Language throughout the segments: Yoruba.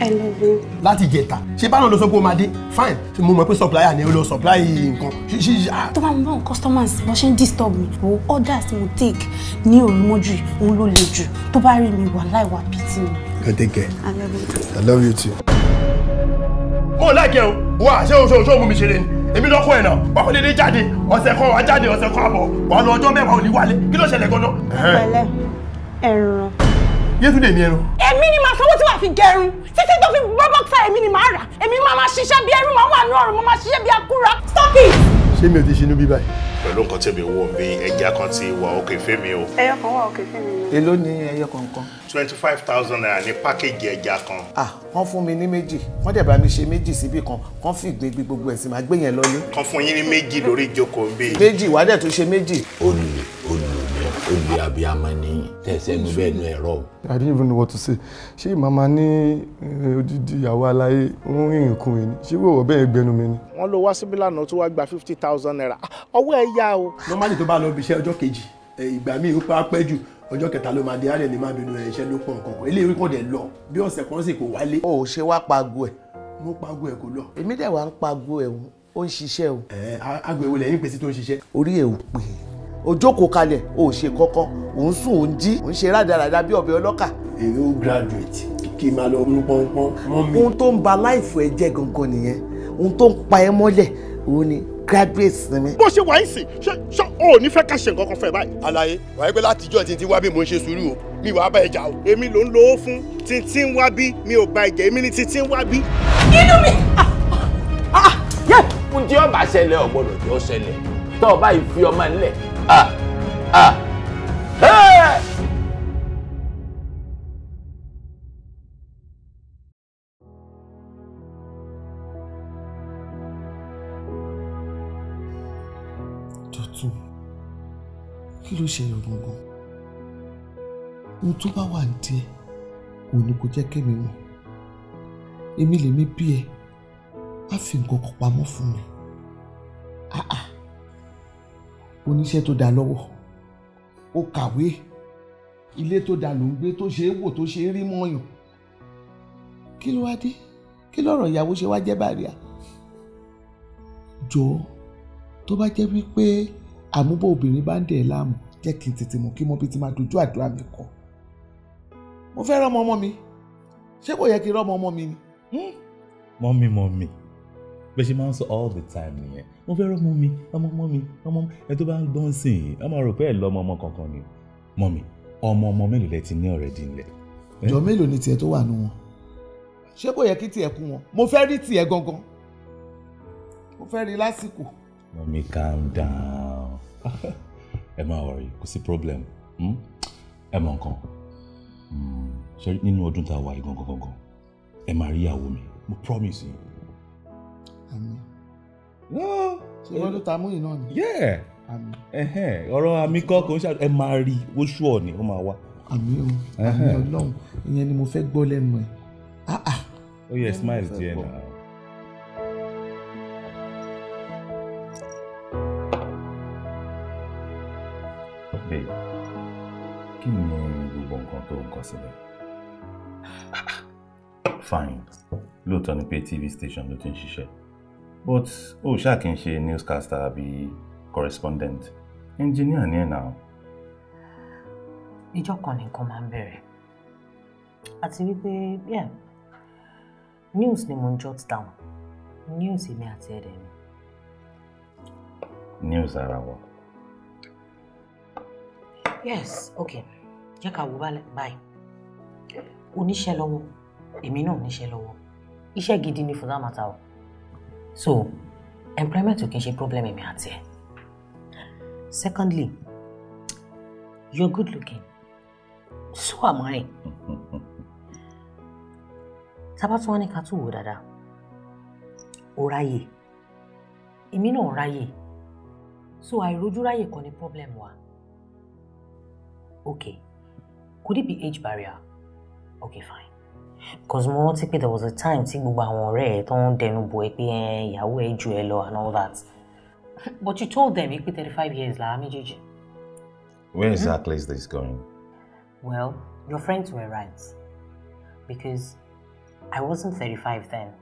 I love you. láti jẹta ṣé báwọn lọ sọ pé o máa dé fine ṣe mo mọ pé supplier ni o lọ supply nǹkan. Ah. tó bá mo bá àwọn customers bó ṣe ń disturb mi o orders mo take ní òrùmọ́jú òun ló le jù tó bá rí mi wà láìwà pìtì mi. go take care. I love you. I love you too. mo láìkẹ́ o wá ṣé o ṣe o ṣe o mú mi ṣeré ni èmi lọ́kọ́ ẹ̀ náà wà fún dédé jáde ọ̀sẹ̀ kan wà jáde ọ̀sẹ̀ kan àbọ̀ wà lọ ọjọ́ mẹ́wàá ò ní wálé kí ló ṣẹlẹ̀ gan-an. pẹ̀lẹ́ ẹran. Yétúndé ni ẹrun. èmi ni màá sanwó tí màá fi gẹrun títí tó fi bọ́ bọ́ksà èmi ni màá rà èmi máa máa ṣiṣẹ́ bí ẹrú màá wà ní ọ̀run màá máa ṣiṣẹ́ bí akúra stop it. ṣé mi ò ti ṣinú bí báyìí. pẹ̀lú nǹkan tẹ̀mí wò mí ẹja kan ti wà òkè fẹ́mi o. ẹyọ kan wà òkè fẹ́mi o. èló ni ẹyọ kọ̀ọ̀kan. twenty five thousand naira ní pákéjì ẹja kan. ah wọ́n fún mi ní méjì wọ́n dẹ̀ bá mi ṣe méjì síbì kan kán fi gbégbé gbogbo ẹ̀sìn máa gbé yẹn lọ ní. kan fún yín ní méjì lórí ìjókòó bíi. méjì wàá dẹ̀ tún ṣe méjì. olùlé olùlé olè abiyamọ ni tẹ̀sẹ̀nu bẹ́ẹ̀ nu ẹ̀rọ I didn't even know what to say ṣé màmá ní eh, odidi ìyàwó aláyé ń rìn nǹkan ẹni ṣé wọ́n bẹ́ẹ̀ gbẹnu mi ni. wọ́n lọ wá síbí lánàá tó wá gba fifty thousand naira ọwọ́ ẹ̀ yá o. normally tó bá lọ bí iṣẹ́ ọjọ́ kejì eh, ìgbà míì ó pa pẹ́ jù ọjọ́ kẹta ló máa di àárẹ̀ lè má bínú ẹ̀ iṣẹ́ ló pọ̀ nǹkan kan eléyìí kò dẹ̀ lọ bí ọ̀sẹ̀ kan sì kò wálé. o ò ṣe wá pago ẹ. mo pago ẹ kò lọ. èmi dẹ̀ wá ń pago ẹ̀ ó ń ṣiṣẹ́ o. ẹ eh, agbo ewu lẹ́yìn pèsè tó ń ṣiṣẹ́. orí ẹ̀ ò pè é o jókòó o ṣe kọ́kọ́ ò ń sùn ò ń jí ò ń ṣe rádaràda bí ọbẹ̀ ọlọ́kà. èrè ó graduate kí n máa lọ mú pọ́npọ́n ohun tó ń ba láìfọ ẹ gangan nìyẹn ohun tó ń pa ẹ mọ́lẹ̀ òun ni graduate sinmi. bó ṣe wà á sìn ṣe ṣe o ní fẹ́ ká ṣe nǹkan kan fẹ́ báyìí. àlàyé wàá gbé látijọ́ ti ti wá bí mo ń ṣe sùúrù o mi wàá bá ẹja o. èmi ló ń lo owó fún títí ń wá bí mi ò gba ìjẹ́ èmi ni títí ń wá bí. inú mi ah, ah, ah, yẹ. ọba ṣẹlẹ̀ ọ̀gbọ́dọ̀ tí ṣẹlẹ̀ tó o bá fi ọmọ nílẹ̀ à à hẹ́ẹ̀. tuntun kí ló ṣe yàn gbọ̀ngàn ohun tó bá wà díẹ̀ kò ní kó jẹ́ kẹ́mi mọ̀ èmi lèmi bí ẹ á fi nǹkan kan pamọ́ fún mi. Ah ah oníṣẹ́ tó dá lọ́wọ́ ó kàwé ilé tó dá ló ń gbé tó ṣe é wò tó ṣe é rí mọ́yàn kí ló wá dé kí lọ́rọ̀ ìyàwó ṣe wá jẹ́ bàríà jọ tó bá jẹ́ wípé àmúbọ̀ obìnrin bá ń dẹ̀ láàmú jẹ́ kí n tètè mọ̀ kí mo bí ti máa dojú àdúrà mi kọ mo fẹ́ rọ́mọ ọmọ mi ṣé kò yẹ kí n rọ́mọ ọmọ mi ni. Hm? mọ́mí mọ́mí bẹ́ẹ̀ ṣe máa ń sọ all the time nìyẹn mo fẹ́ rọ́mọ mi ọmọ ọmọ mi ọmọ ẹ tó bá ń gbọ́n sí i ọmọ rò pé ẹ lọ́mọ ọmọ kankan ni mọ́ mi ọmọ ọmọ mélòó lẹ ti ní already nílẹ̀. jọ mélòó ni tiẹ̀ tó wà nù wọn ṣé kò yẹ kí tiẹ̀ kú wọn mo fẹ́ rí tiẹ̀ gangan mo fẹ́ rí lásìkò. mọ́ mi calm down ẹ máa wọrí kò sí problem hmm? ẹ mọ nǹkan hmm, ṣe nínú ọdún tá a wà yìí gangan gangan ẹ máa rí ìyàwó mi mo promise you àmín. ṣé wọ́n ló ta mú iná ni. àmín. ọ̀rọ̀ àmì kọ́ kò ń ṣàdúrà ẹ máa rí i ó ó máa wá. àmín o àmín ọlọ́run ìyẹn ni mo fẹ́ gbọ́ lẹ́nu ẹ̀. ó ah, ah. oh, yẹ smile díẹ̀ náà. kí ni gbogbo nǹkan tó ń kọ sílẹ̀. Ah, fine lóòótọ́ ni pé tv station ló ti ń ṣiṣẹ́ but ó ṣáà kì í ṣe newscaster àbí correspondent engineer ni ẹ̀ náà. ìjọ kan nìkan máa ń bẹ̀rẹ̀ àti wípé yeah news ni mo ń jot down news èmi àti ẹ̀rẹ̀ mi. news ara wa. yes okay jẹ́ ká wo báyìí oníṣẹ́ lọ́wọ́ èmi náà níṣẹ́ lọ́wọ́ iṣẹ́ gidi ni for that matter o so employment ò kì problem in àti ẹ secondly you're good looking so am I tábà tún wá ní ká tún wò dáadáa ó ráyè èmi náà ráyè so àìrójú ráyè kan ní problem wa okay could it be age barrier okay fine. because more there was a time tí were àwọn and all that but you told them you be thirty five years làá méjèèjì. where hmm? exactly mm is this going. well your friends were right because I wasn't thirty five then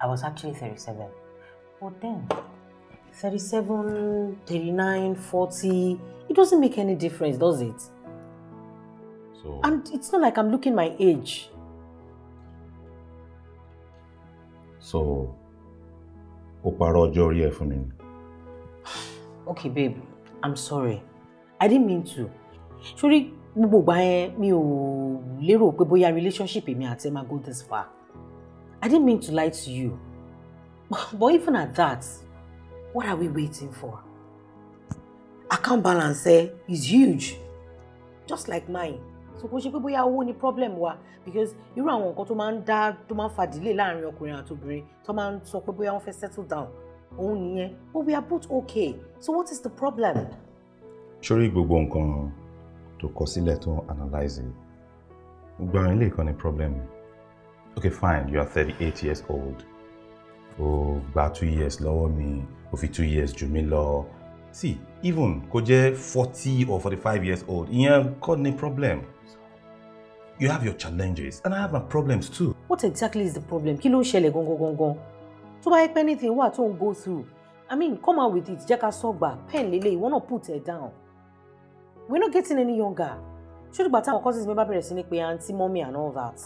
I was actually thirty seven but then thirty seven thirty nine forty it doesn't make any difference does it. so and it's not like I'm looking my age. so ó parọ́ ọjọ́ orí okay babe i'm sorry i didn't mean to sórí gbogbo ìgbà yẹn mi ò lérò pé bóyá relationship èmi àti ẹ máa go this far i didn't mean to lie to you but even at that what are we waiting for account balance eh, is huge just like mine so kò ṣe pé bóyá owó ni problem wa because irú àwọn nǹkan tó máa ń dá tó máa ń fa delay láàrin ọkùnrin àti obìnrin tó máa ń sọ pé bóyá wọ́n fẹ́ settle down òun nìyẹn but we are both okay so what is the problem. sórí gbogbo nǹkan to kọ sílẹ̀ tó analyze gbogbo àwọn ilé ìkànnì problem okay fine you are thirty eight years old o gba two years lọ́wọ́ mi o fi two years jù mí lọ see even kó jẹ́ forty or forty five years old ìyẹn kọ́ ni problem You have your challenges and I have my problems too. What exactly is the problem? Kilo ló ń gongo gangan gangan? Tó anything what tó go through, I mean come out with it, Jacka ká pen lélẹ̀, You wanna put it down. We're not getting any younger. Ṣé ìgbà táwọn cousins mi bá bẹ̀rẹ̀ sí ni pé aunty, mommy and all that?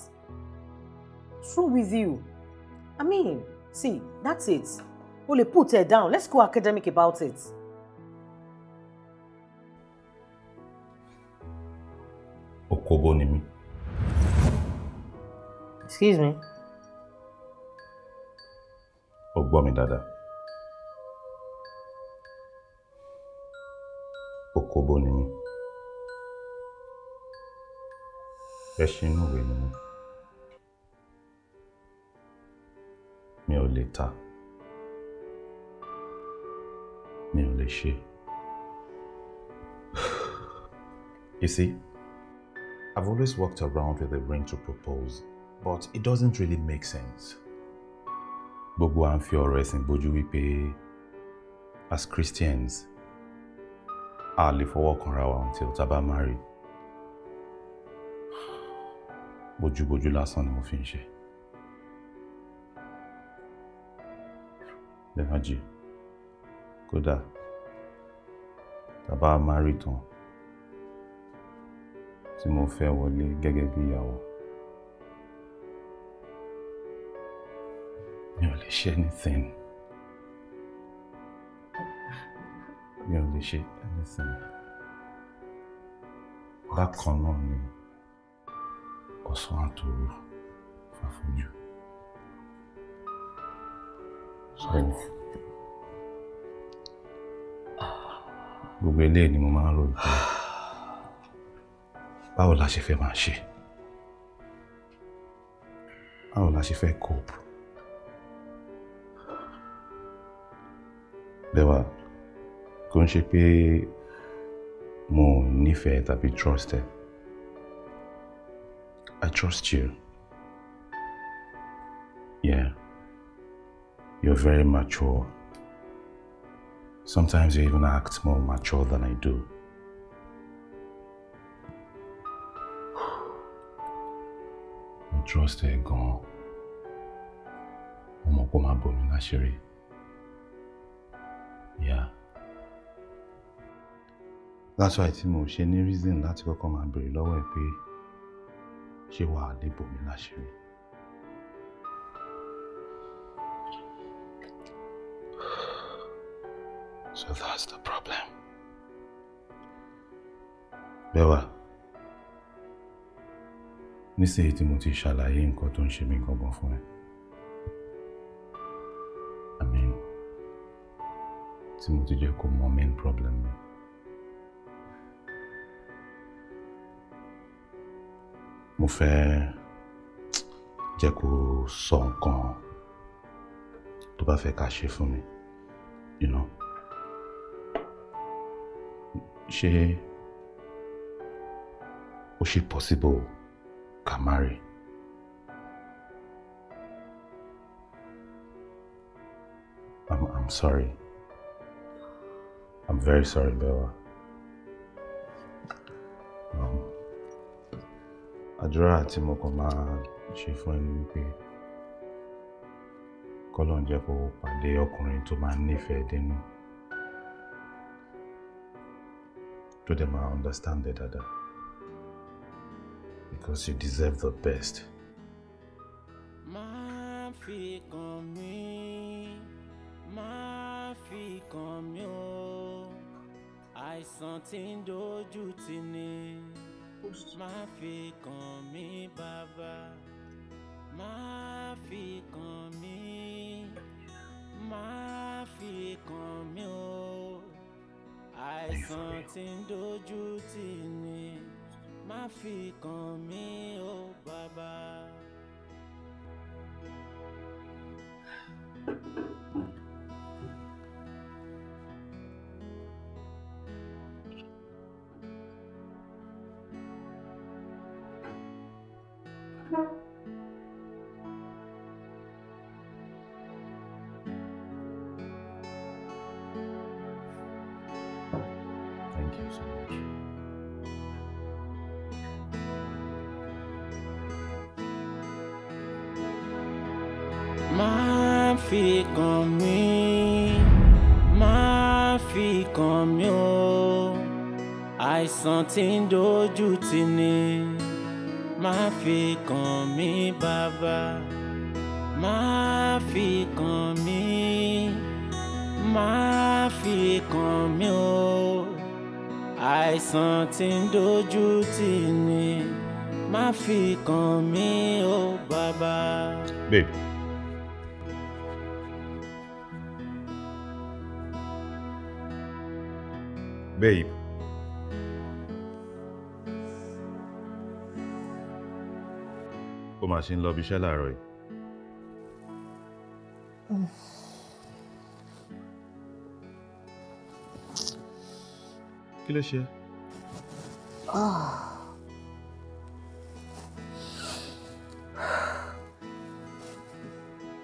True with you. I mean, see, that's it. Only put it down. Let's go academic about it. Okobo ni mí. Excuse me. Ó gbọ́ mi dáadáa. Òkòbó ni mí. Ẹṣin inú ìwé ni mí. Mi ò lè ta. Mi ò lè ṣe. You see, I've always walked around with a ring to propose but it doesn't really make sense. Gbogbo à ń fi ọ̀rọ̀ ẹ̀sìn bójú wípé as Christians a lè fọwọ́ kanra wa until tá a bá marry. Bójúbójú lásán ni mo fi ń ṣe. Bẹ́ẹ̀nájì, kódà tá a bá marry tán tí mo fẹ́ wọlé gẹ́gẹ́ bí ìyàwó. mi ò lè ṣe anything mi ò lè ṣe anything bákan náà ni ọ̀sán àtòrò fàfojú. So, gbogbo eléyìí ni mo máa ń rò pé báwo la ṣe fẹ́ máa ṣe báwo la ṣe fẹ́ cope. de wa kò more ṣe pé mo to be trust I trust you yeah you're very mature sometimes you even act more mature than I do. I trust you. gan that's why tí mo ṣe ní reason láti kọ́kọ́ máa béèrè lọ́wọ́ ẹ̀ pé ṣé wàá lè bò mí láṣìírí. So that's the problem. Bẹ́wà, nísìnyí tí mo ti ṣàlàyé nǹkan tó ń ṣe mí gangan fún ẹ. I mean, tí mo ti jẹ́ kó mọ main problem mi. mo fẹ́ jẹ́ kó sọ nǹkan tó bá fẹ́ ká ṣe fún mi you know ṣé ó ṣe possible ká marry. I'm, I'm sorry. I'm very sorry, Bella. àdúrà tí mo kàn máa ṣe fún ẹ ni wípé kọ́lọ́n jẹ́ kó pàdé ọkùnrin tó máa nífẹ̀ẹ́ dénú tó dẹ̀ máa understand it, dáadáa because you deserve the best. máa fi kàn mí máa fi kàn mí o àìsàn tí ń dojú tì ní kóso. má fi kàn mí bàbá má fi kàn mí má fi kàn mí o àìsàn tí ń dojú tì ní má fi kàn mí o bàbá. àìsàn tí ń dojú tì ní má fi kàn mí bàbá má fi kàn mí má fi kàn mí o àìsàn tí ń dojú tì ní má fi kàn mí o bàbá. babe kó máa ṣe ń lọ ibi iṣẹ́ láàárọ̀ yìí. kí ló ṣe?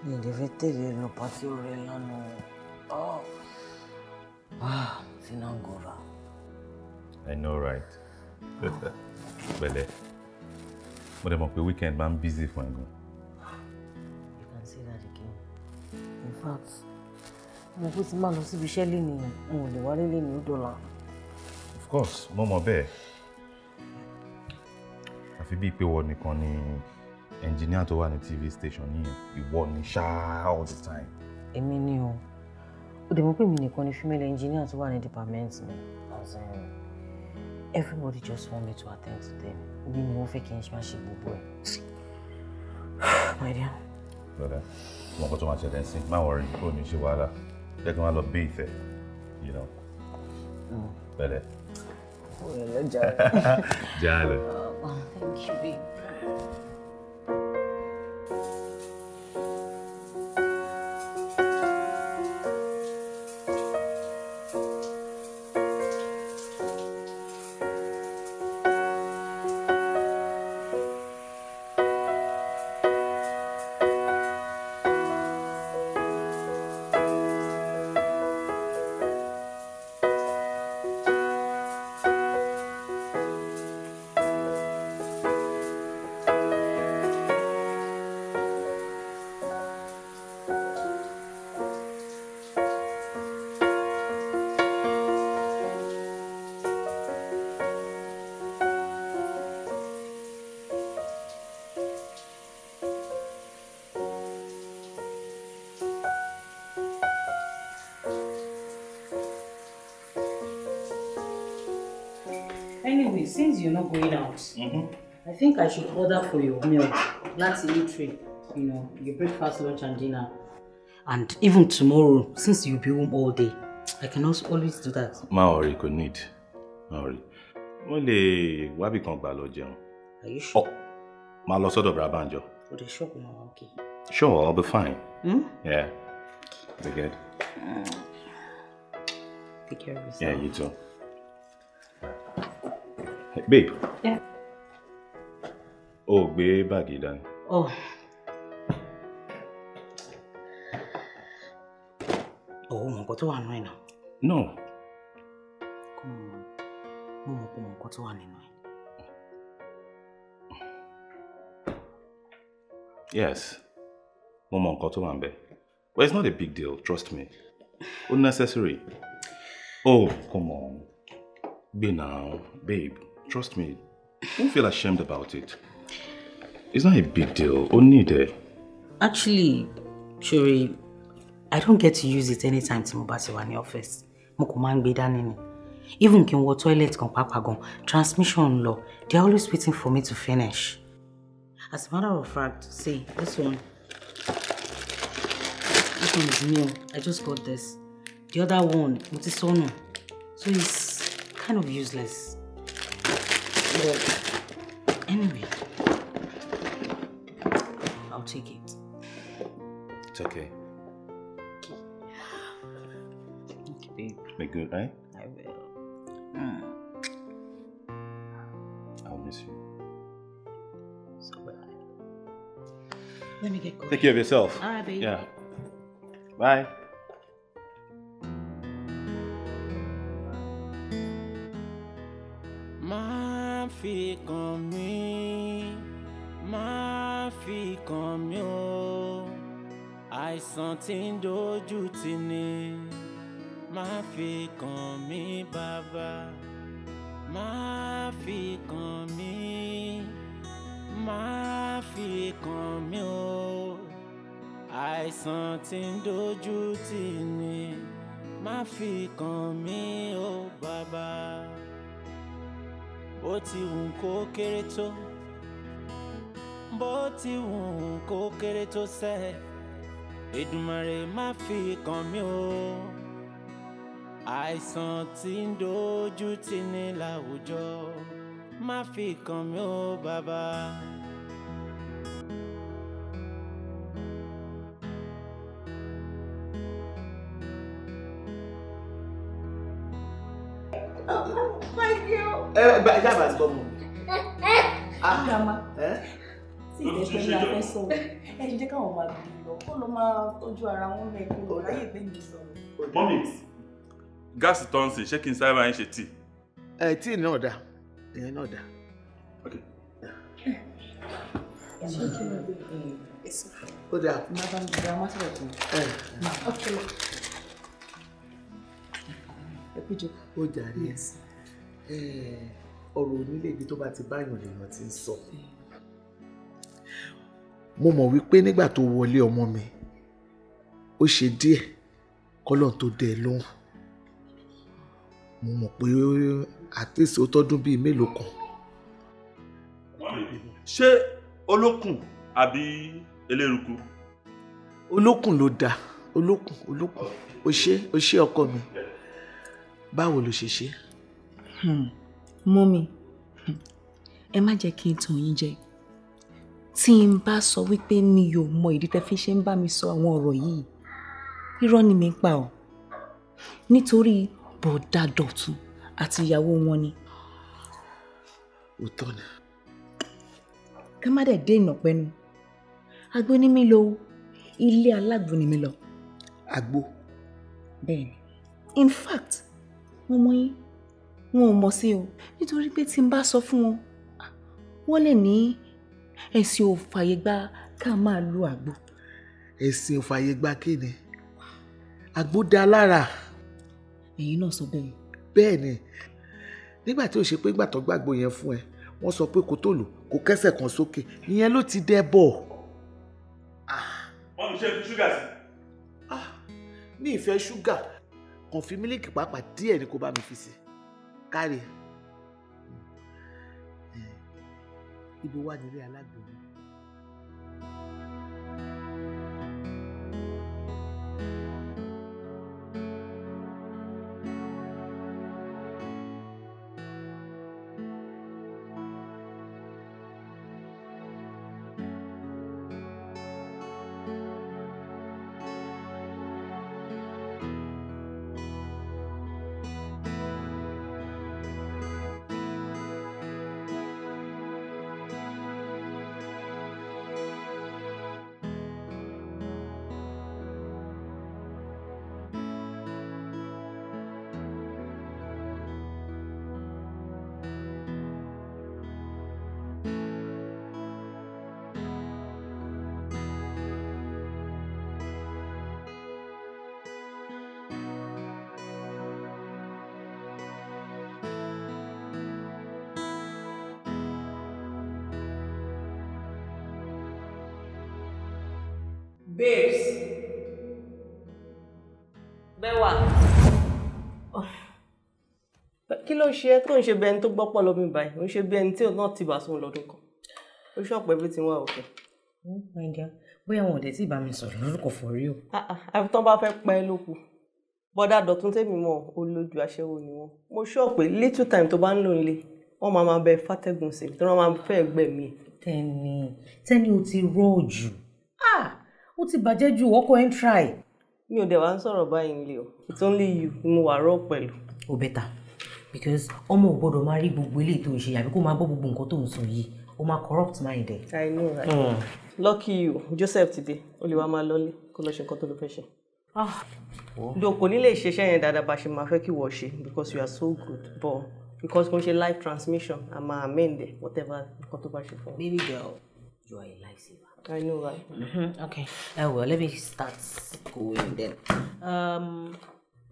mi ò lè fi tèlé lọ pàtí orí lánàá oh. ah, tí náà gòrà. I know right. Pẹ̀lẹ́. mo dẹ̀ mọ̀ pé weekend máa ń busy fún ẹ gan. you can say that again in fact mo kó ti máa lọ síbi iṣẹ́ lénìí n ò lè wálé lénìí ó dọ̀la. of course mo mọ̀ bẹ́ẹ̀ àfi bíi pé wọ́n nìkan ni engineer tó wà ní tv station yìí ìwọ ni ṣáá all the time. èmi ni o ó dẹ̀ mọ̀ pé mi nìkan ni female engineer tó wà ní department mi everybody just want me to attend to them We mo fẹ́ kí n máa ṣe my dear. lọ́dà mo going to máa ṣẹlẹ̀ sí má wọrí kó o ní ṣe wàhálà jẹ́ kí n you know. Mm. bẹ́ẹ̀ lẹ. jàre. jàre. thank you babe. house. Mm -hmm. I think I should order for your meal. That's eatery. You know, your breakfast, lunch, and dinner. And even tomorrow, since you'll be home all day, I can also always do that. Maori could need. Maori. only lè become kan gbà Are you sure? Oh, máa lọ sọ́dọ̀ Brabanjo. O dey sure kò máa okay. Sure, I'll be fine. Hmm? Yeah. Be good. Take care of yourself. Yeah, you too. Hey, babe. Yeah. o ò gbé báàgì dání. oh ò mọ nǹkan tó wà nínú ẹ̀ náà. no. kò mọ mo mọ pé mọ nǹkan tó wà nínú ẹ̀. yes mo mọ nǹkan tó wà níbẹ̀ but it's not a big deal trust me unnecessary oh come on gbe now babe trust me don't feel ashamed about it. It's not a big deal. Only there. Actually, Shuri, I don't get to use it anytime tí mo bá to wà wa office. Mukumang kò Even kí n wọ toilet kan pàápàá gan, transmission law. they are always waiting for me to finish. As a matter of fact, see, this one. This one is new. I just got this. The other one, what is on? So it's kind of useless. But anyway. I'll take it. It's okay. Okay. babe. Be good, right? I will. Mm. I'll miss you. So will I. Let me get going. Take care of yourself. All right, babe. Yeah. Bye. My feet on me. My fi kàn mí o àìsàn tí ń dojú tì ní má fi kàn mí bàbá má fi kàn mí má fi kàn mí o àìsàn tí ń dojú tì ní má fi kàn mí o bàbá bó ti wù kó kéré tó bó ti wù kó kéré tó sẹ́ Èdùmàrè má fi kàn mí o àìsàn tí ń dojú tì ní láwùjọ má fi kàn mí o bàbá. ẹ ẹ jábàá ti bọ́ mu. grandma tí ìdẹ́gbẹ́ ni a fẹ́ sọ̀rọ̀ ẹ jẹ́ káwọn máa bì lọ kó ló máa tọ́jú ara wọn bẹ́ẹ̀ kó lọ ráyè pé mi sọ̀rọ̀. mọ́mí gáàsì tó ń sìn ṣé kí n sáré máa ń ṣe tíì. ẹ tíì náà dá ìyẹn náà dá. ó dà. madam dira má sọ̀rọ̀ tó. ẹ kú jókòó. ó jà rí ọ̀rọ̀ onílé ibi tó bá ti báyọ̀ lèèyàn ti ń sọ. Yeah mo mọ̀ wípé nígbà tó wọlé ọmọ mi ó ṣe díẹ̀ kọ́lọ́n tó dẹ̀ lóhùn mo mọ̀ pé àtẹ̀sí ó tọ́dún bíi mélòó kan. ṣé olókùn àbí eléruku. olókùn ló dáa olókùn olókùn o ṣé o ṣé ọkọ mi báwo ló ṣe ṣe. mọ́mi hmm. ẹ má jẹ́ kí n tàn yín jẹ tí n bá sọ wípé mi ò mọ ìdí tẹ́ fi ṣe ń bá mi sọ àwọn ọ̀rọ̀ yìí irọ́ ni mi ń pa ọ́ nítorí bọ̀dá dọ̀tun àti ìyàwó wọn ni. òótọ́ ni. ká má dẹ̀ dé ìnà pẹ́nu agbo ni mi lọ ilé alágbo ni mi lọ. agbo. bẹ́ẹ̀ni in fact wọn mọ yín wọn ò mọ̀ sí o nítorí pé tí n bá sọ fún wọn wọ́n lè ní ẹ̀sìn ò fàyè gbà ká máa lo àgbo. ẹ̀sìn ò fàyè gbà kí ni àgbo dá lára. ẹ̀yin náà sọ bẹ́ẹ̀. bẹ́ẹ̀ ni nígbà tí o ṣe pé gbàtọ́ gbàgbó yẹn fún ẹ wọ́n sọ pé kó tó lò kó kẹ́sẹ̀ kan sókè ìyẹn ló ti dẹ́ bọ̀. Ah. wọ́n mi ṣe fi ṣúgà sí. Ah. mi ì fẹ́ ṣúgà kàn fi mílíkì pàápàá díẹ̀ ni kó bá mi fi sí kárí. ibi wá nílé alágbèrè ló ṣe é tó ń ṣe bí ẹni tó gbọ́pọ̀ lómi báyìí ó ń ṣe bí ẹni tí náà ti bà sóun lọ́dún kan ó ṣọ̀pẹ́ bí ti wá òkè. bóyá wọn ò dé tí ìbá mi sọ̀rọ̀ lórúkọ fọ rí o. àfi tán bá fẹ́ pa ẹ lókun bọ́dà dọ̀tún tèmi mọ̀ olójú aṣẹ́wó ni wọ́n mo ṣọ̀pẹ́ little time tó bá ń lò nílé wọ́n máa máa bẹ fàtẹ́gùn sí tí wọ́n máa fẹ́ gbẹ̀mí ẹ̀. tẹni tẹni o ti rọ jù ó ah, ti bàjẹ́ ju ọkọ ẹ̀ ń try. mi ò dẹ̀ wá ń sọ̀rọ̀ báyìí nílé o it's only you ni mo wà rọ̀ pẹ̀lú. ó bẹ́ta because ọmọ ò gbọ́dọ̀ máa rí gbogbo eléyìí tó ń ṣe àbí kó máa gbọ́ gbogbo nǹkan tó ń sọ yìí ó máa corrupt mind ẹ. I know right. Mm. lucky you Joseph ti dé ó lè wá máa lọlé kó lọ ṣe nǹkan tó lọ fẹ́ ṣe. do ah. kò ní lè ṣiṣẹ́ yẹn dáadáa bá ṣe máa fẹ́ kí wọ́n ṣe because you are so good but because kò ń ṣe live transmission a máa amend it whatever nǹkan tó bá ṣe fún. baby girl you are a lifesaver. I know right. Mm-hmm. Okay. Uh, well, let me start going then. Um,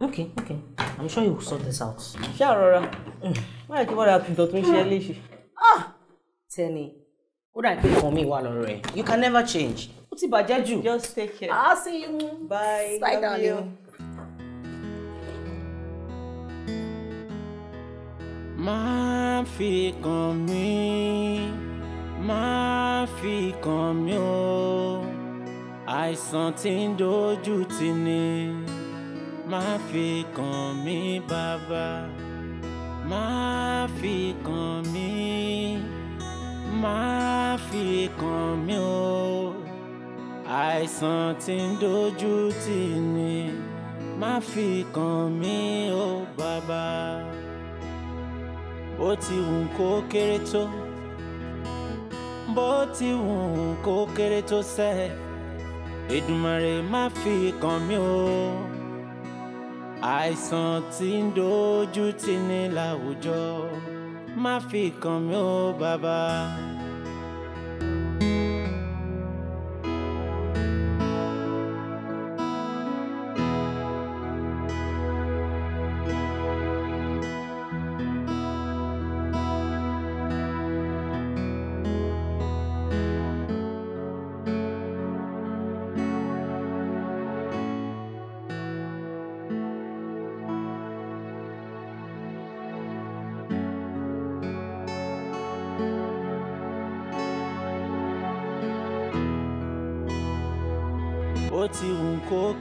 okay okay i'm sure you will sort this out. ṣé àrọ́ra mm. Why do you want to àtúntò tó ń ṣe é léṣe. Ah! tẹ́ni ó dà pé ìfọ̀n mi wà lọ́rọ̀ rẹ̀ you can never change ó ti bàjẹ́ jù. just take care. i'll see you. bye bye darling. máa fi kàn mí máa fi kàn mí o àìsàn tí ń dojú tì má fi kàn mí bàbá má fi kàn mí má fi kàn mí o àìsàn tí ń dojú tì ní má fi kàn mí o bàbá bó ti wù kó kéré tó bó ti wù kó kéré tó sẹ́ẹ̀ Èdùmàrè má fi kàn mí o àìsàn tí ń dojú tì ní láwùjọ má fi kàn mí ó bàbá.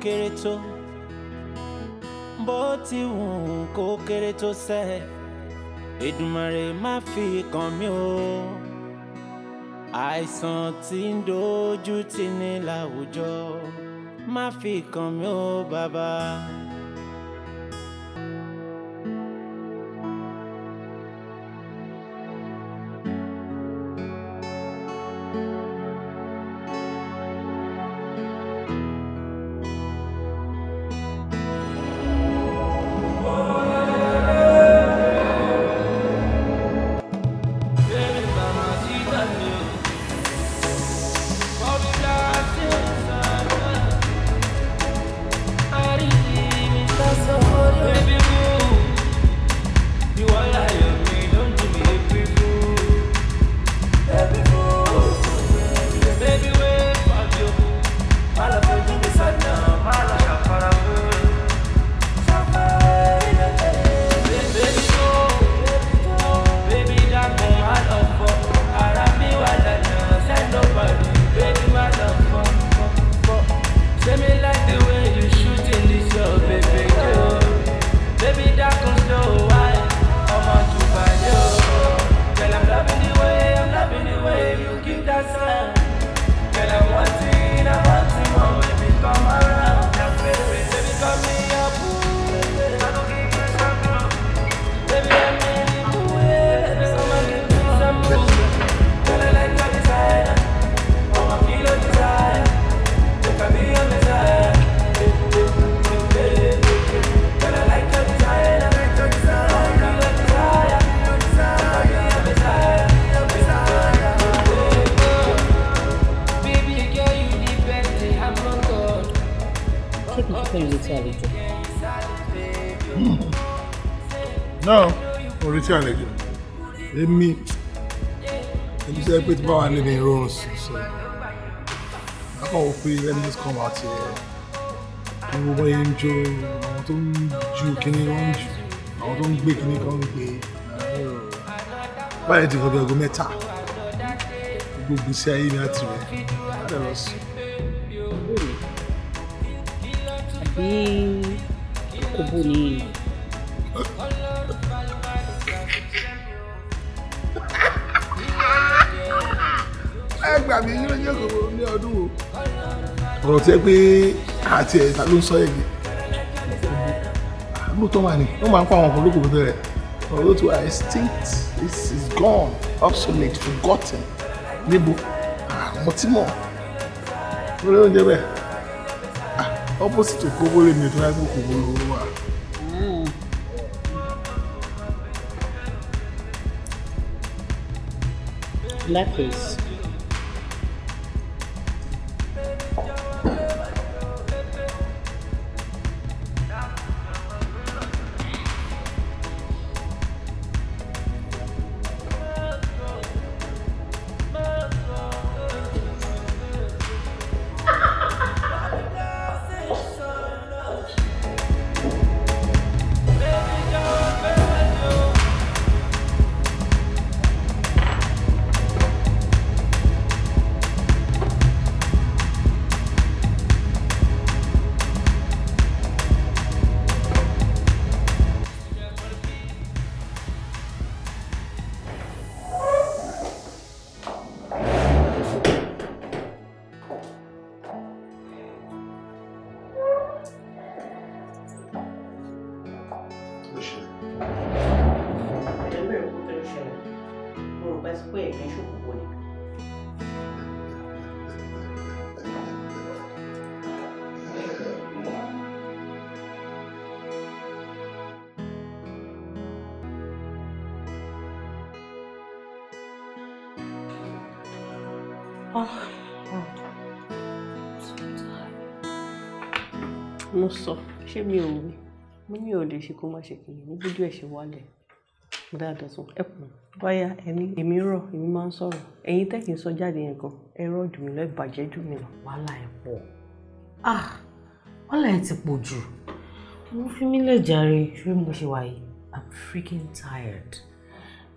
kéré tó bó ti wù kó kéré tó sẹ́ Èdùmàrè má fi kàn mí o àìsàn tí ń dojú tì ní láwùjọ má fi kàn mí o bàbá. tó máa ti ẹ̀ tó ń wọ́n yẹn ń jó àwọn tó ń ju kíní wọn ń jù àwọn tó ń gbé kíní kan ń gbé báyìí ti kọbi aago mẹ́ta gbogbo gbèsè ọ̀rọ̀ tí ẹ pé àti ẹ̀ta ló ń sọ èyí lóòótọ́ wà ní wọ́n máa ń kó àwọn ọkọ̀ olókùnkùn tẹ́lẹ̀ ọ̀rọ̀ ló wà extinct this is gone obsolete forgotten níbo àwọn tí mọ̀ lórí oúnjẹ bẹ́ẹ̀ opposite òkòwò lè mi ètò láti òkòwò lówó wa. Life mo sọ ṣé mi ò wí mo ní ò lè ṣe kó má ṣe kìnìún ní bójú ẹ̀ ṣe wálẹ̀ bóyá àdọ̀tún ẹkùn bóyá ẹni èmi rọ̀ èmi máa ń sọ̀rọ̀ ẹ̀yin tẹ́kì ń sọ jáde yẹn gan ẹ̀rọ jù mí lọ ìbàjẹ́ jù mí lọ wàhálà ẹ̀ pọ̀ ah wàhálà ẹ̀ ti pọ̀ jù mo fi mí lẹ̀ jàre ṣé mo ṣe wà yìí i'm freaking tired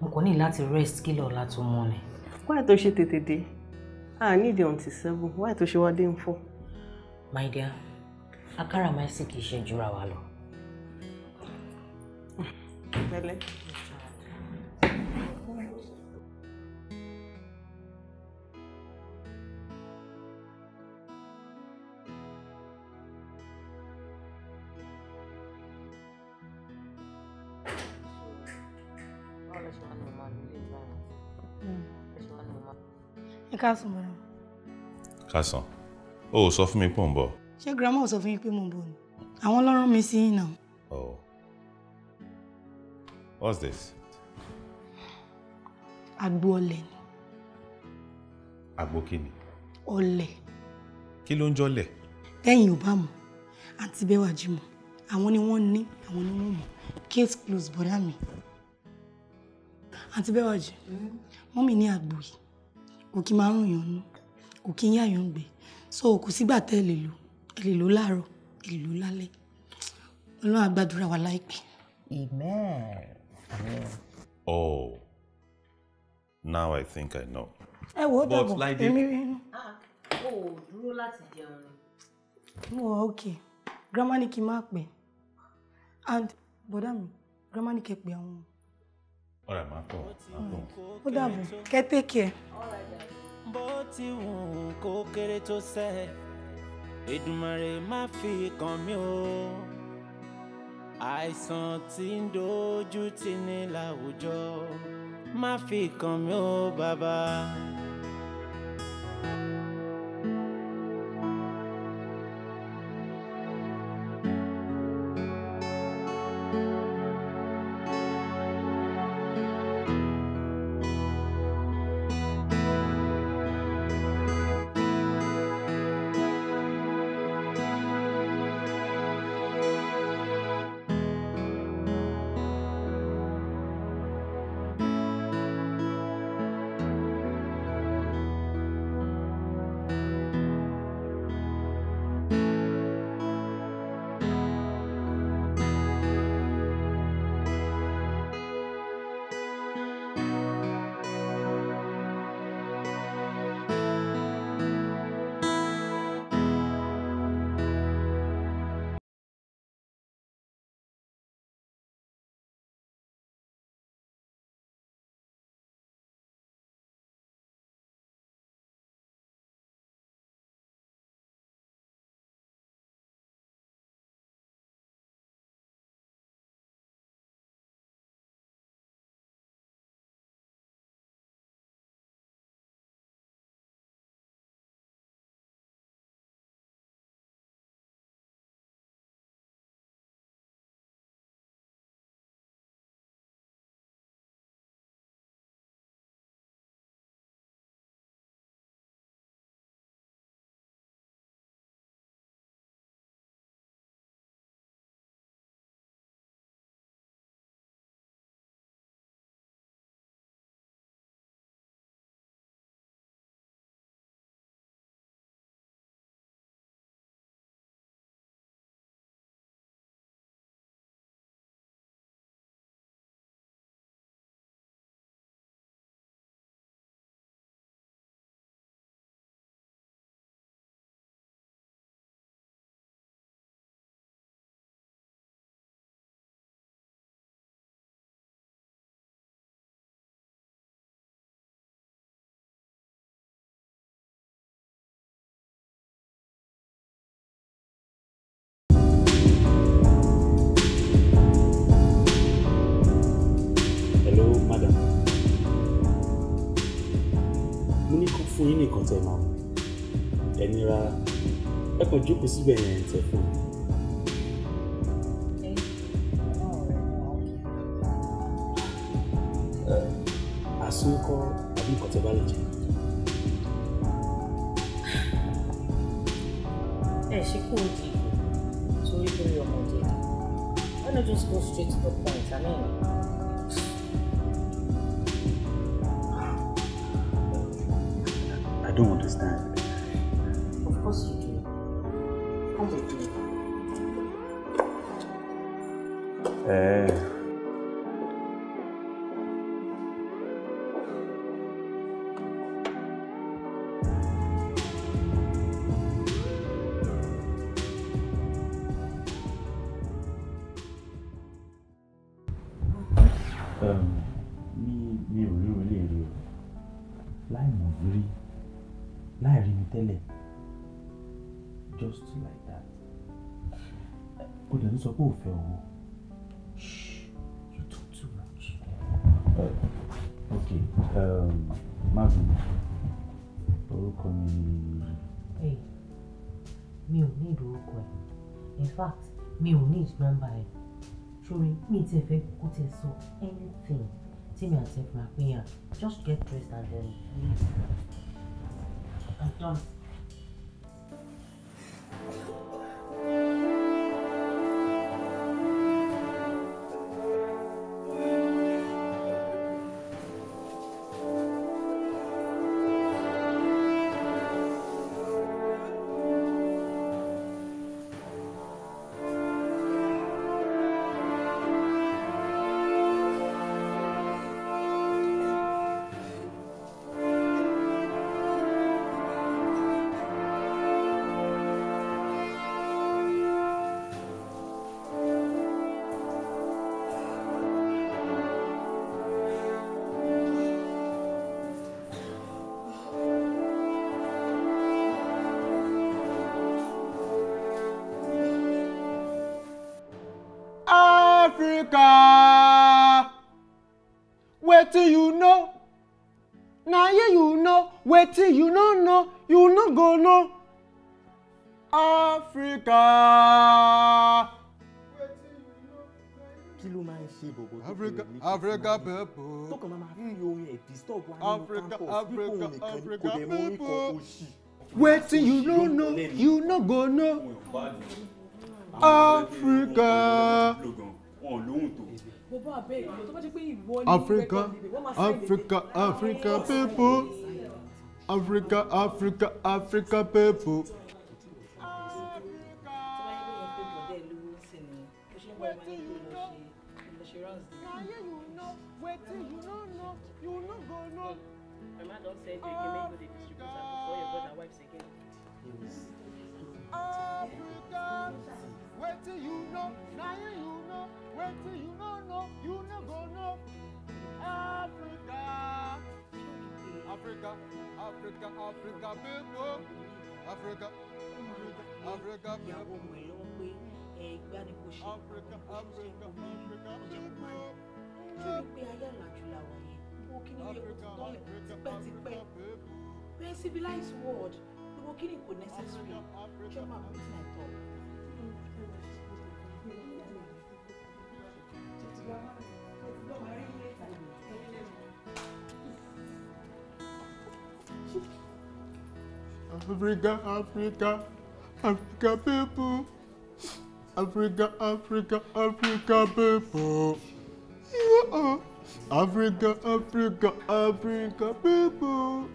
mo kàn ní láti rest kí lọ́la tó mọ́ ni. wáyà tó ṣe tètè dé a ní ìdí ọ̀ǹtì seven wáyà tó ṣe wá dé ń fọ́. my dear akara máa sì kìí ṣe jura wa lọ. pẹ̀lẹ́. ẹ káàsán mọ́ra. káàsán o ò sọ fún mi pọ̀ ń bọ̀ ṣé grandma ò sọ fún yín pé mò ń bọ̀ ni àwọn ọlọ́run mi sí yín náà. oh what's this. agbo ọlẹ̀ ni. agbo kí ni. ọlẹ̀. kí ló ń jọlẹ̀. tẹ́yìn ò bá mọ̀ àǹtí bẹ́wà jí mọ̀ àwọn ni wọ́n ní àwọn ni wọ́n mọ̀ case closed bọ̀dá mi. àǹtí bẹ́wà jí mọ́mì ní àgbo yìí kò kí máa ń yàn nú kò kí ń yàyàn gbé so kò sígbà tẹ́ lè lò ìlú láàárọ̀ ìlú lálẹ́ ọlọ́run á gbàdúrà wa amen. oh now i think i know. ẹ wo dàbọ̀ èmi rí inú. Ah, o ò dúró láti jẹun. mo wà okay grandma ní kí n máa pè and bọ́dà mi grandma ní kẹ́ pè àwọn. ọ̀rẹ́ máa pọ̀ máa pọ̀. ó dàbọ̀ kẹ́ bó ti wù kó kéré tó sẹ́ẹ̀. Èdùmàrè má fi kàn mí o àìsàn tí ń dojú tì ní láwùjọ má fi kàn mí o bàbá. yín nìkan tẹ mọ̀ ẹni ra ẹ kàn jókòó síbẹ̀ yẹn tẹ fún un. àsunkọ àbí nǹkan tẹ bá lè jẹ. ẹ ṣe kó o di torí lórí ọmọdé why not just go straight to the point i mean. Yeah. change number ẹ̀ sórí mi ti ẹ̀ kó ti sọ anything tí mi àti ẹ̀ fún wa just get dressed and then leave. I'm done. Africa people. tó máa máa fi orin ẹ̀ disturb wa nínú campus bí kò nìkan kò dẹ̀ mú orin kan òṣì. wetin you no know you no go know. Africa. Africa Africa Africa people Africa Africa Africa people. again, you know, Africa, Africa, Africa, Africa people, Africa, Africa people. Africa, Africa, Africa tipẹ́tipẹ́ we're civilized world gbogbo kí ni necessary ṣé máa bí tí Africa, Africa, Africa people. Africa, Africa, Africa people. Yeah. Africa, Africa, Africa people.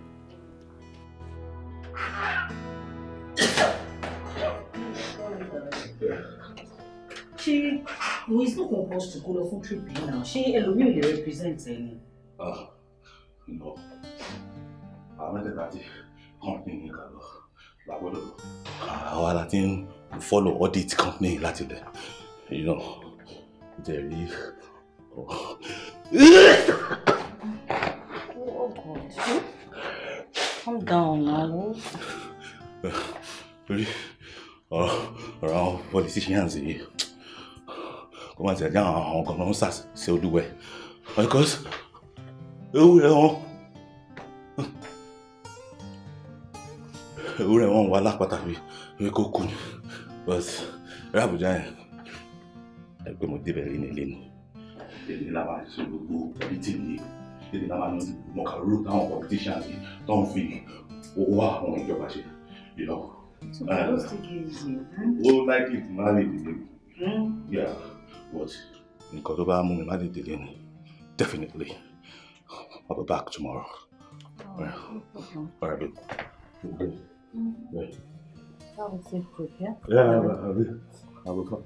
She, we is not composed to go lọ fún trip now. She ṣé ẹlòmíì lè represent ẹ ni. lọ ah, àwọn mẹ́tẹ̀ẹ̀ta ti company you ká lọ làgbọ́dọ̀ lọ àwa follow audit company láti you know dẹ̀ rí oh God. Calm down now. Orí ọ̀rọ̀ ọ̀rọ̀ àwọn politicians yìí kò má tẹ̀lé àwọn kan ló ń sà sí olúwẹ̀. Because ewúrẹ́ wọn ewúrẹ́ wọn wà lápáta bíi bíi kó kú ni but ẹ̀ Àbújá yẹn ẹ pé mo débẹ̀ rí èmi la máa ṣe gbogbo meeting yìí èmi la máa lọ mọ̀kàrúrò táwọn politicians yìí tó ń fi owó àwọn ìjọba ṣe. You know. So uh, those tickets, hmm? Would it married Yeah, but nǹkan tó bá mú mi má lè délé ni definitely I'll be back tomorrow. Oh, yeah. no Okay. Mm. Yeah. That was a quick, yeah? Yeah, I'll be, I'll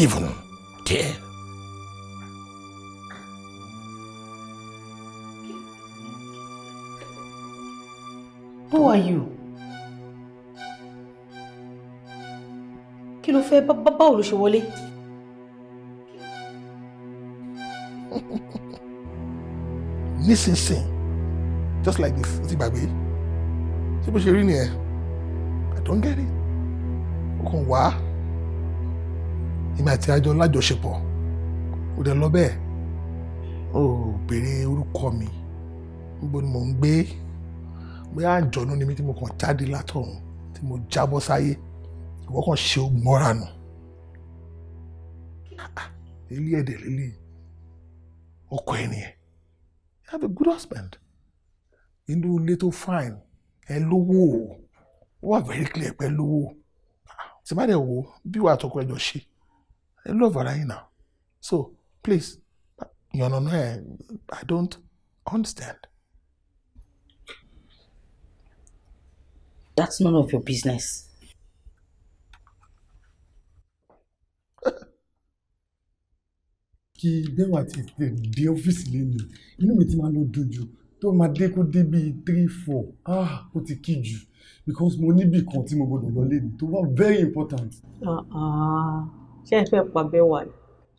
even dead. Who are you? Kí ló fẹ́ báwo ló ṣe wọlé? Nísinsìnyí, just like this, ó ti gbàgbé. Ṣé bó ṣe rí nìyẹn? I don't get it. Ó kàn wá èmi àti àjọ lájọṣepọ̀ kò dẹ̀ lọ bẹ́ẹ̀ o béèrè orúkọ mi níbo ni mò ń gbé bóyá àjọ̀nú ni mi tí mo kàn jáde látọ̀run tí mo jábọ́ sáyé ìwọ kàn ṣe ògbọ́nra nù ilé ah, ẹ̀dẹ̀ lílé ọkọ ẹ̀ nìyẹn you have a good husband inú ilé tó fine ẹ lówó o wà very clear pé lówó ah, tí má dẹ̀ wo bí wàá tọkọ ẹjọ́ ṣe love ara yín now so please ìyànnàná ẹ i don't understand. that's none of your business. kí bẹ́ẹ̀ wà ti dé ọ́fíìsì lẹ́nu inú mi ti máa lọ dojú tó máa dé kó dé bíi three four ah ó ti kí jù because mo níbì kan tí mo gbọdọ̀ lọ lẹ́nu tó wà very important. Uh -uh ṣé ẹ fẹ́ pa bẹ́ẹ̀ wà ní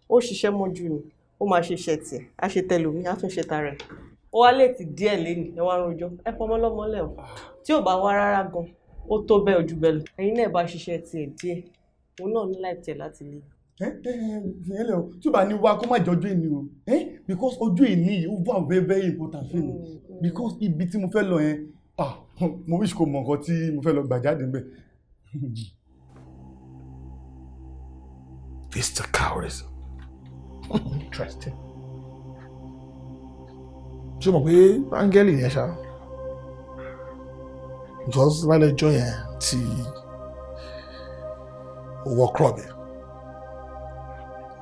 ó ṣiṣẹ́ mọ́jú ni ó máa ṣiṣẹ́ tiẹ̀ a ṣe tẹlòmí á tún ṣe tara ẹ̀ ó wá léètì díẹ̀ lẹ́nu ẹ wá rojọ́ ẹ fọmọ lọ́mọ lẹ̀ o tí ò bá wá rárá gan ó tó bẹ́ẹ̀ ojú bẹ́ẹ̀ lọ ẹ̀yin náà bá ṣiṣẹ́ tiẹ̀ díẹ̀ òun náà ní láì tẹ̀ láti lé ìyẹn lẹ o tí o bá ní wa kó má jẹ ojú ìní o because ojú ìní yìí ó wà very very important fún mi mm, mm. because ibi tí mo fẹ́ lọ yẹn ah, mo wish kò mọ̀ nǹkan tí mo fẹ́ lọ gbà jáde níbẹ̀. Vista cowries. Hmm, interesting. Ṣé o mọ̀ pé áńgẹ́lì yẹn ṣá? Because lálẹ́ ẹjọ́ yẹn ti owó club yẹn.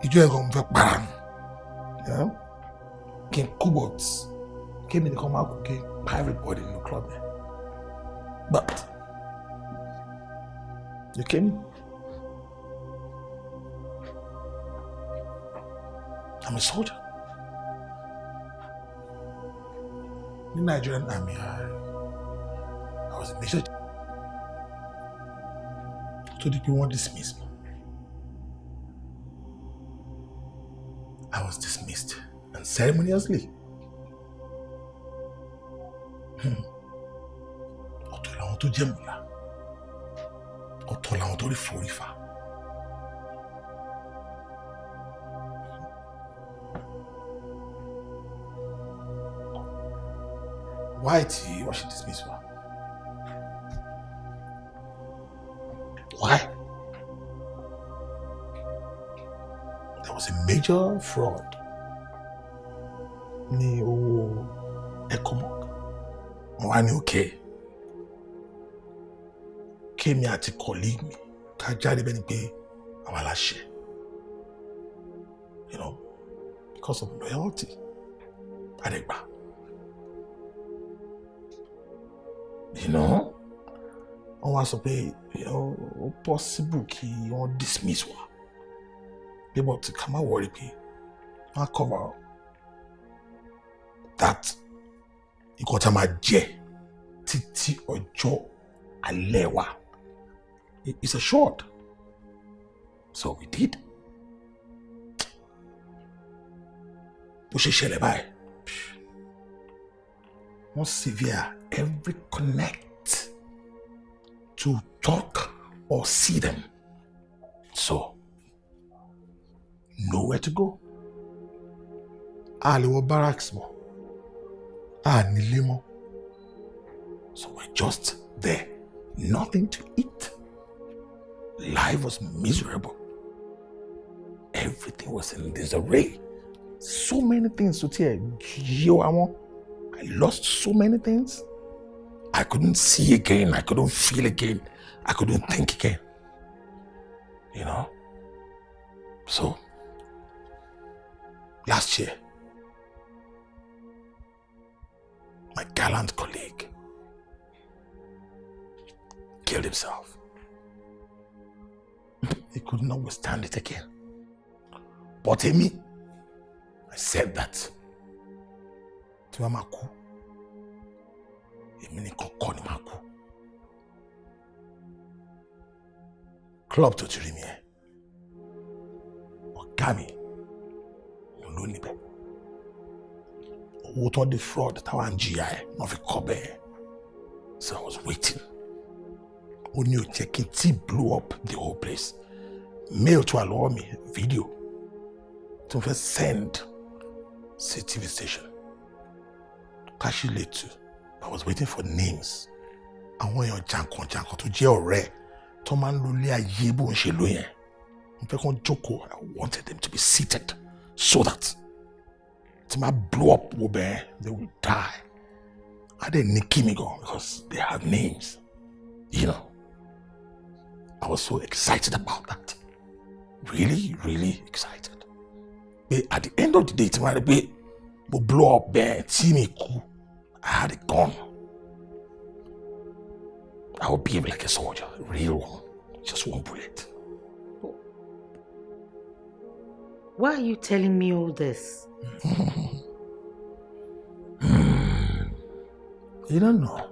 Ìjọ yẹn kàn fẹ́ para mi. Kí n kú bọ̀t. Kémi nìkan máa kú kí n pa nínú club But you came. I'm a soldier. In the Nigerian army, I, I was a major. So you want dismissed me. I was dismissed, and ceremoniously. Hmm. ọ̀tọ̀ làwọn tó jẹ́ mùlá ọ̀tọ̀ làwọn tó rí forí fa why tí wọ́n ṣe dismiss wa. Why? There was a major fraud Ni owó Ecomoc. Wọ́n á ní òkè. Kémi colleague mi ká jáde pe ni You know, because of loyalty. Adegba. you know wọ́n wá sọ pé ó possible kí wọ́n dismiss wa pé but ká má worry pé wọ́n cover up that nǹkan tá a máa jẹ títí ọjọ́ alẹ́ wa it's a short. so we did. bó ṣe ṣẹlẹ̀ báyìí wọ́n severe every connect to talk or see them. So, nowhere to go. Aliwo barracks mo. Anile So we're just there. Nothing to eat. Life was miserable. Everything was in disarray. So many things to tear. I lost so many things. I couldn't see again. I couldn't feel again. I couldn't think again. You know? So, last year, my gallant colleague killed himself. He could not withstand it again. But Amy, I said that to Amaku. èmi nìkan kọ́ ni màá kú. club tó ti rí mi ẹ ọ̀gá mi òun ló níbẹ̀ owó tó di fraud táwa ń jìyà ẹ wọ́n fi kọ́ bẹ́ẹ̀ so I was waiting ó ní o jẹ́ kí n tí blow up the whole place mail tó wà lọ́wọ́ mi video tí mo fẹ́ send sí tv station ká sì lè I was waiting for names àwọn èèyàn jàǹkànjàǹkàn tó jẹ́ ọ̀rẹ́ tó máa ń lo ilé ayé bó ń ṣe ló yẹn mo fẹ́ kàn jókòó I wanted them to be seated so that tí máa blow up wo bẹ́ẹ̀ they will die I didn't ní kí mi gan because they have names you know I was so excited about that really really excited pé at the end of the day tí máa rí pé mo blow up bẹ́ẹ̀ tí mi kú. I had a gun. I would behave like a soldier, a real one. Just one bullet. Why are you telling me all this? Hmm. Hmm. you don't know.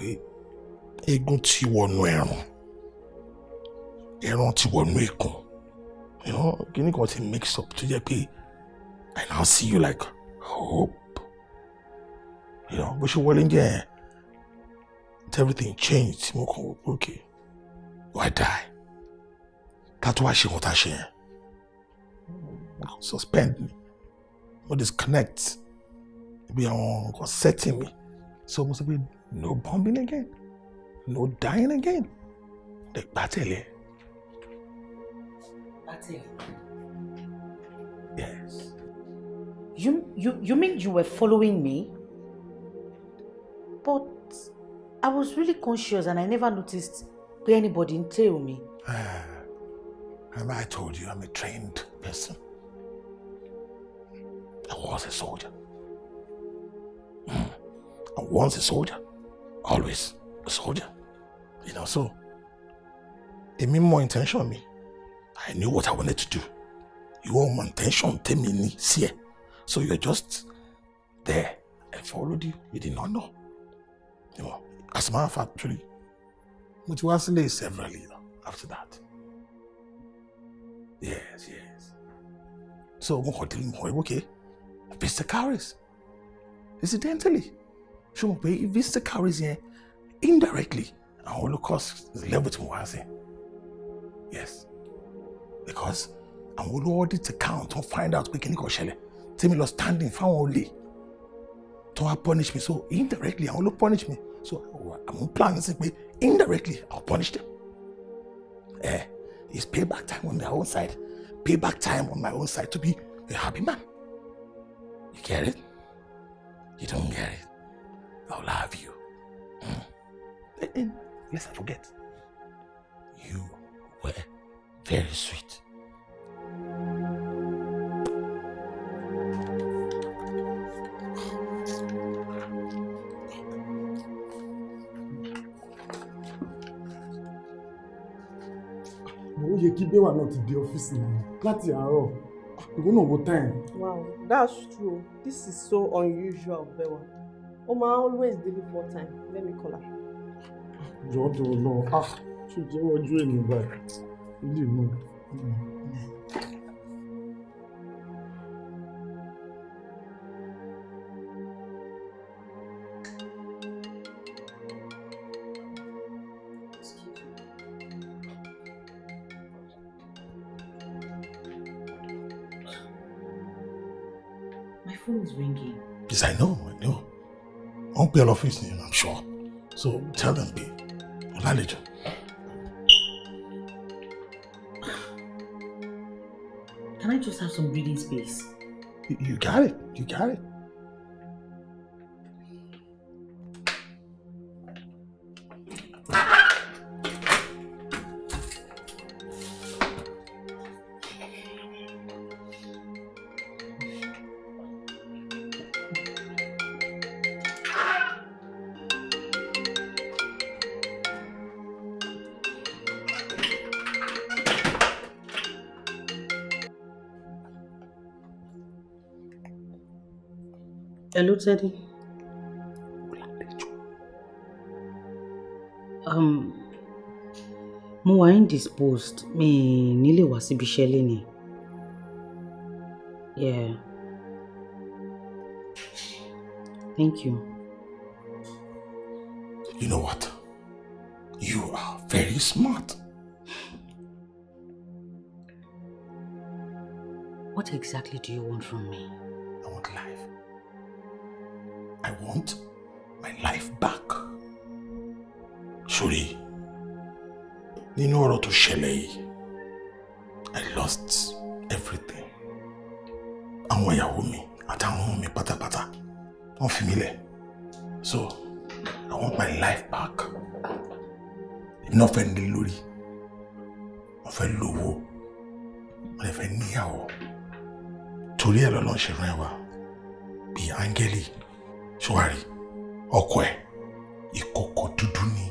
You ti wọnú ẹran. Ẹran ti wọnú ikùn. You know, you ni to ti mix up tó jẹ́ pé I will see you like, hope. Oh, you know bó ṣe wọlé jẹ́ ẹ̀ everything changed tí mo kàn wò pé okay why die ká tó wá ṣe nǹkan tá ṣe yẹn suspend me mo disconnect bí àwọn nǹkan setting me so mo sọ pé no bombing again no dying again lè gbá tẹ̀lé. tẹ̀lé. yes. You, you, you mean you were following me? But I was really conscious and I never noticed pay anybody in me. Uh, I told you I'm a trained person. I was a soldier. Hmm. I was a soldier. Always a soldier. You know, so it mean more intention on me. I knew what I wanted to do. You Your intention tell me see. So you're just there. I followed you. You did not know. Oh, as a matter of fact, actually, mo ti wá sílé several years after that. Yes, yes. So mo kàn délé mo okay, Mr. Carries, incidentally, ṣé mo pé Mr. Carries here indirectly and holocaust is level tí mo I say. Yes, because àwọn olówó dì to count to find out we can go, kò ṣẹlẹ̀ me standing found only to punish me so indirectly want to punish me so àwọn plan sí pé indirectly i will punish them eh it's payback time on my own side payback time on my own side to be a happy man you get it you don't get it hmm. eh, eh, i will love you mm. and, and let's not forget you were very sweet. kí Bẹ́wà náà ti dé ọ́fíìsì mi láti àárọ̀ ìwọ náà wo time. wow that's true this is so unusual Bẹ́wà o máa always dey with more time let me call her. Ah, jọ̀ọ́ jọ̀ọ́ lọ ah ṣùgbọ́n ojú ènìyàn báyìí ìdí náà. won't be name, I'm sure. So tell them, be Olalejo. Can I just have some breathing space? You, you got it. You got it. Hello, Teddy. um mo wà indisposed Me nearly lè wá síbi yeah thank you. You know what? You are very smart. What exactly do you want from me? I want life. want my life back. Ṣorí in order to ṣẹlẹ̀ yìí I lost everything. Àwọn ìyàwó mi àtàwọn ọmọ mi pátápátá pata fi mí lẹ̀. So I want my life back. Iná fẹ́ ní lórí. Wọ́n fẹ́ lówó. Wọ́n lè To níyàwó. Torí ẹ̀ lọ́nà ṣe rán ṣùwárí ọkọ ẹ̀ ìkòkò dúdú ni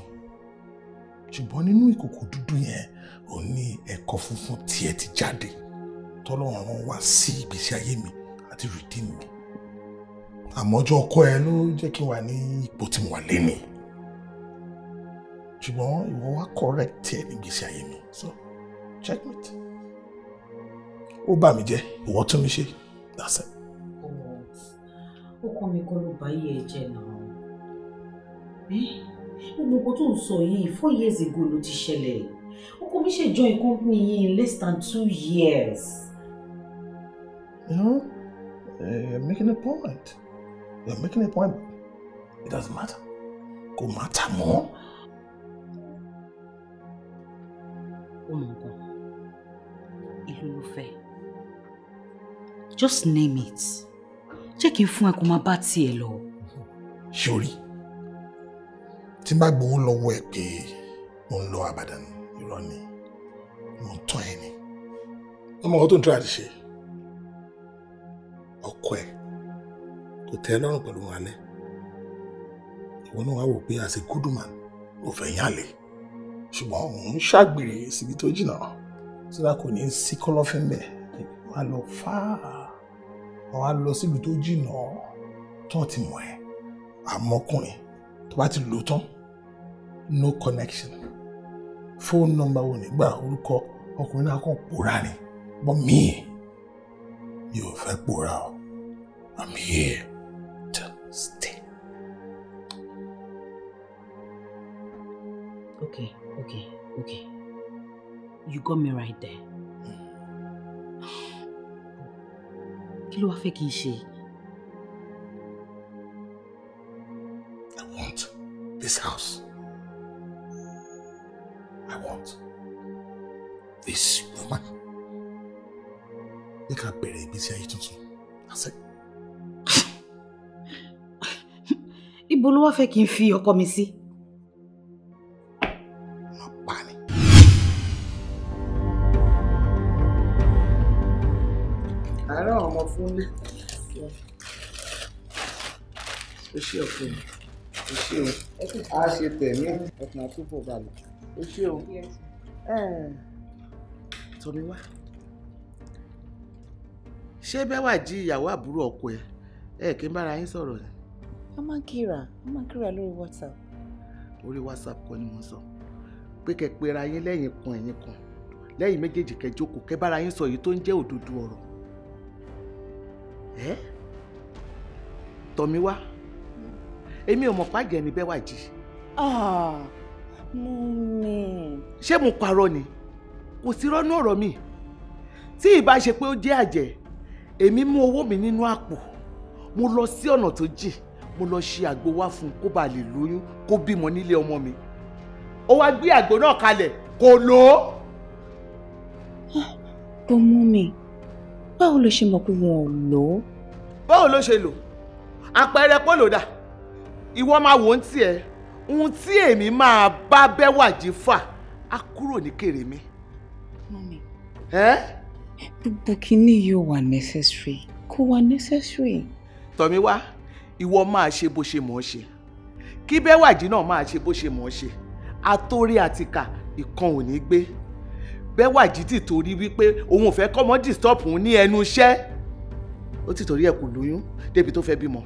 ṣùgbọ́n nínú ìkòkò dúdú yẹn ò ní ẹ̀kọ́ funfun tiẹ̀ ti jáde tọ́lọ́run wá sí ìgbésí ayé mi àti rìdíìn mi àmọ́jọ́ ọkọ ẹ ló jẹ́ kí n wà ní ipò tí mo wà lẹ́nu ṣùgbọ́n ìwọ wá correct ẹ ní ìgbésí ayé mi so checkmate ó bà mí jẹ́ ìwọ tún mi ṣe that's it ọkọ mi kọ́ ló bá yí ẹ jẹ náà gbogbo tó ń sọ yìí four years ago ló ti ṣẹlẹ̀ ọkọ mi ṣe join company yìí in less than two years. You know, eh, you're making a point. You're making a point. It doesn't matter. Go matter more. Ó mọ̀ Just name it jẹ́ kí n fún ẹ kó máa bá tiẹ̀ lọ. sori tí n bá gbowó lọ́wọ́ ẹ pé mo ń lọ àbàdàn irọ́ ni mo ń tán ẹ ni ọmọ ọkọ tó ń tọ́ àti ṣe ọkọ ẹ kò tẹ́ ẹ lọ́rùn pẹ̀lú wọn alẹ́ ìwọ náà wá wò pé àṣẹ gúdùmá ò fẹ́ yàn lè ṣùgbọ́n òun ṣàgbèrè síbi tó jìnnà síra kò ní í sí kọ́lọ́fín bẹ́ẹ̀ wà lọ fáà wọn á lọ síbi tó jìnnà tán ti mọ̀ ẹ́ àmọ́kùnrin tó bá ti lò tán no connection fóònù nọ́mbà wo nígbà orúkọ ọkùnrin náà kàn pòórá ni bọ́ míì mi ò fẹ́ pòórá o I'm here to stay. Okay, okay, okay. You got me right there. kí ló wá fẹ́ kí n ṣe. I want this house. I want this woman. Ní ká bẹ̀rẹ̀ ìgbésí ayé tuntun. Àṣẹ. Ibo ló wá fẹ́ kí n fi ọkọ mi sí? Si? una esi ofe esi o a ṣe tẹ̀mí ọkàn àtúbọ̀ balẹ̀ esi o tọ́mi wá jí ìyàwó àbúrò kí n bára sọ̀rọ̀ whatsapp. Ori whatsapp kọ́ ni mo sọ pé kẹ́ pera kan ẹ̀yìn kan lẹ́yìn méjèèjì kẹ́ jókòó kẹ́ sọ èyí ẹ tọ̀míwá èmi ò mọ̀ pa àjẹ́ ní bẹ́wà jì. Ah, mọ́mí. ṣé mo parọ́ ni kò sí rọ́nú ọ̀rọ̀ mi tí ìbá ṣe pé ó jẹ́ àjẹ́ èmi mú owó mi nínú àpò mo lọ sí ọ̀nà tó jìn mo lọ ṣe àgbo wá fún un kó bàa lè lóyún kó bímọ nílé ọmọ mi ó wá gbé àgbo náà kalẹ̀ kò lò ó. kò ah, mú mi báwo ló ṣe mọ̀ pé wọn ò lò ó. báwo ló ṣe lò àpẹẹrẹ pọ́lọ́dà ìwọ máa wò ó ń tiẹ̀ ohun tí èmi máa bá bẹ́wàjì fà á kúrò ní kèrè gbogbo kínní yóò wà necessary kó wà necessary. tọ́míwá ìwọ máa ṣe bó ṣe mọ̀ ọ́ ṣe kí bẹ́wàjì náà máa ṣe bó ṣe mọ̀ ọ́ ṣe àtórí àtìkà ìkan ò ní gbé Bẹ́wàjítì torí wípé òun ò fẹ́ kọ́mọ disturb òun ní ẹnu iṣẹ́ ó ti torí ẹ̀ kò lóyún débi tó fẹ́ bímọ.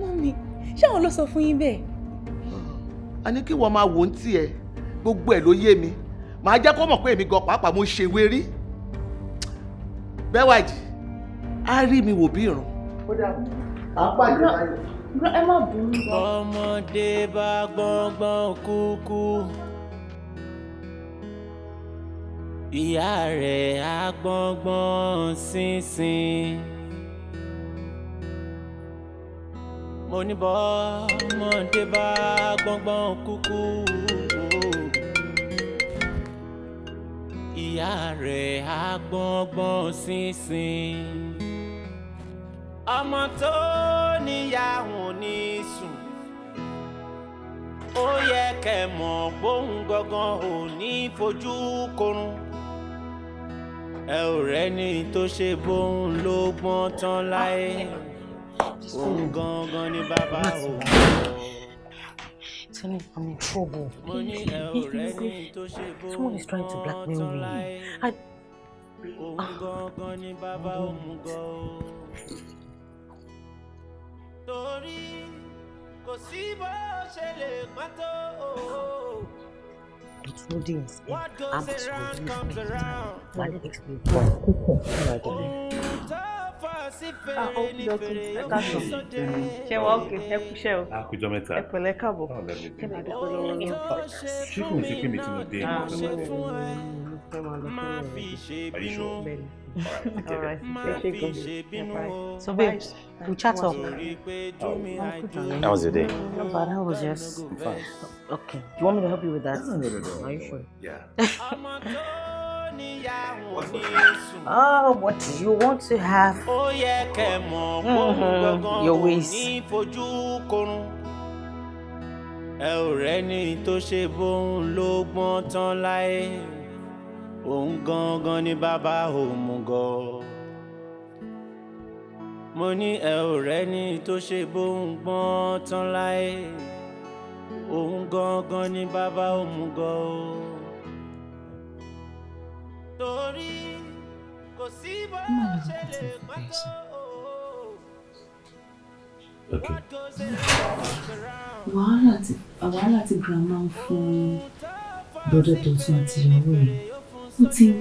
mọ́mí ṣáwọn ló sọ fún yín bẹ́ẹ̀. Hmm. a ní kí wọ́n máa wò ó ń tiẹ̀ gbogbo ẹ̀ ló yé mi màá jẹ́ kó mọ̀ pé èmi gan pàápàá mo ṣe wérí Bẹ́wàjì á rí mi wò bí ìrùn. ó dàbọ̀ à ń pàdé báyìí. ẹ má bínú. ọmọdé bá gbọ́ngbọ́n kúkú ìyá rẹ̀ agbọ́ngbọ́n sínsìn. mo ní bọ́ mọ́ndé bá gbọ́ngbọ́n kúkú. ìyá rẹ̀ agbọ́ngbọ́n sínsìn. ọmọ tó níyàwó ní sùn ó yẹ kẹ́ mọ̀ gbóhùn gangan ò ní fojú korun ẹ ò rẹ́ni tó ṣe bóun ló gbọ́n tán láyé òun gangan ni bàbá òun. Tony, I'm in trouble. Please, please, please, please. Someone is trying to blackmail me. I... Ah. Torí kò sí bó ṣe lè pátó it wouldn't. Oh, I'm okay. it makes me ṣe wa oke ẹ kú ṣe o ẹ pẹ̀lẹ́ káàbọ̀ ṣe máa dúpẹ́ lọ́wọ́ ní ọfà ṣé kò ń ṣe pé mi ti mo dé ìmọ̀ ah. fẹ́ máa lọ fẹ́ máa lọ fẹ́ máa lọ bẹ́ẹ̀ ni. So, babe, we chat up. How was your day? Not bad. How was yours? I'm fine. Okay. Do you want me to help you with that? No, no, no, no. Are you sure? Yeah. oh, what you want to have? Mm-hmm. Your waist. ò òun gangan ni bàbá òmùgọ̀ mo ní ẹ ò rẹ́ni tó ṣe bóun gbọ́n tán láyé òun gangan ni bàbá òmùgọ̀ o. torí kò sí bó hmm, ṣe lè pàtó. Okay. wàhálà ti grandma ń fún brother tuntun àti ìyàwó yìí ó ti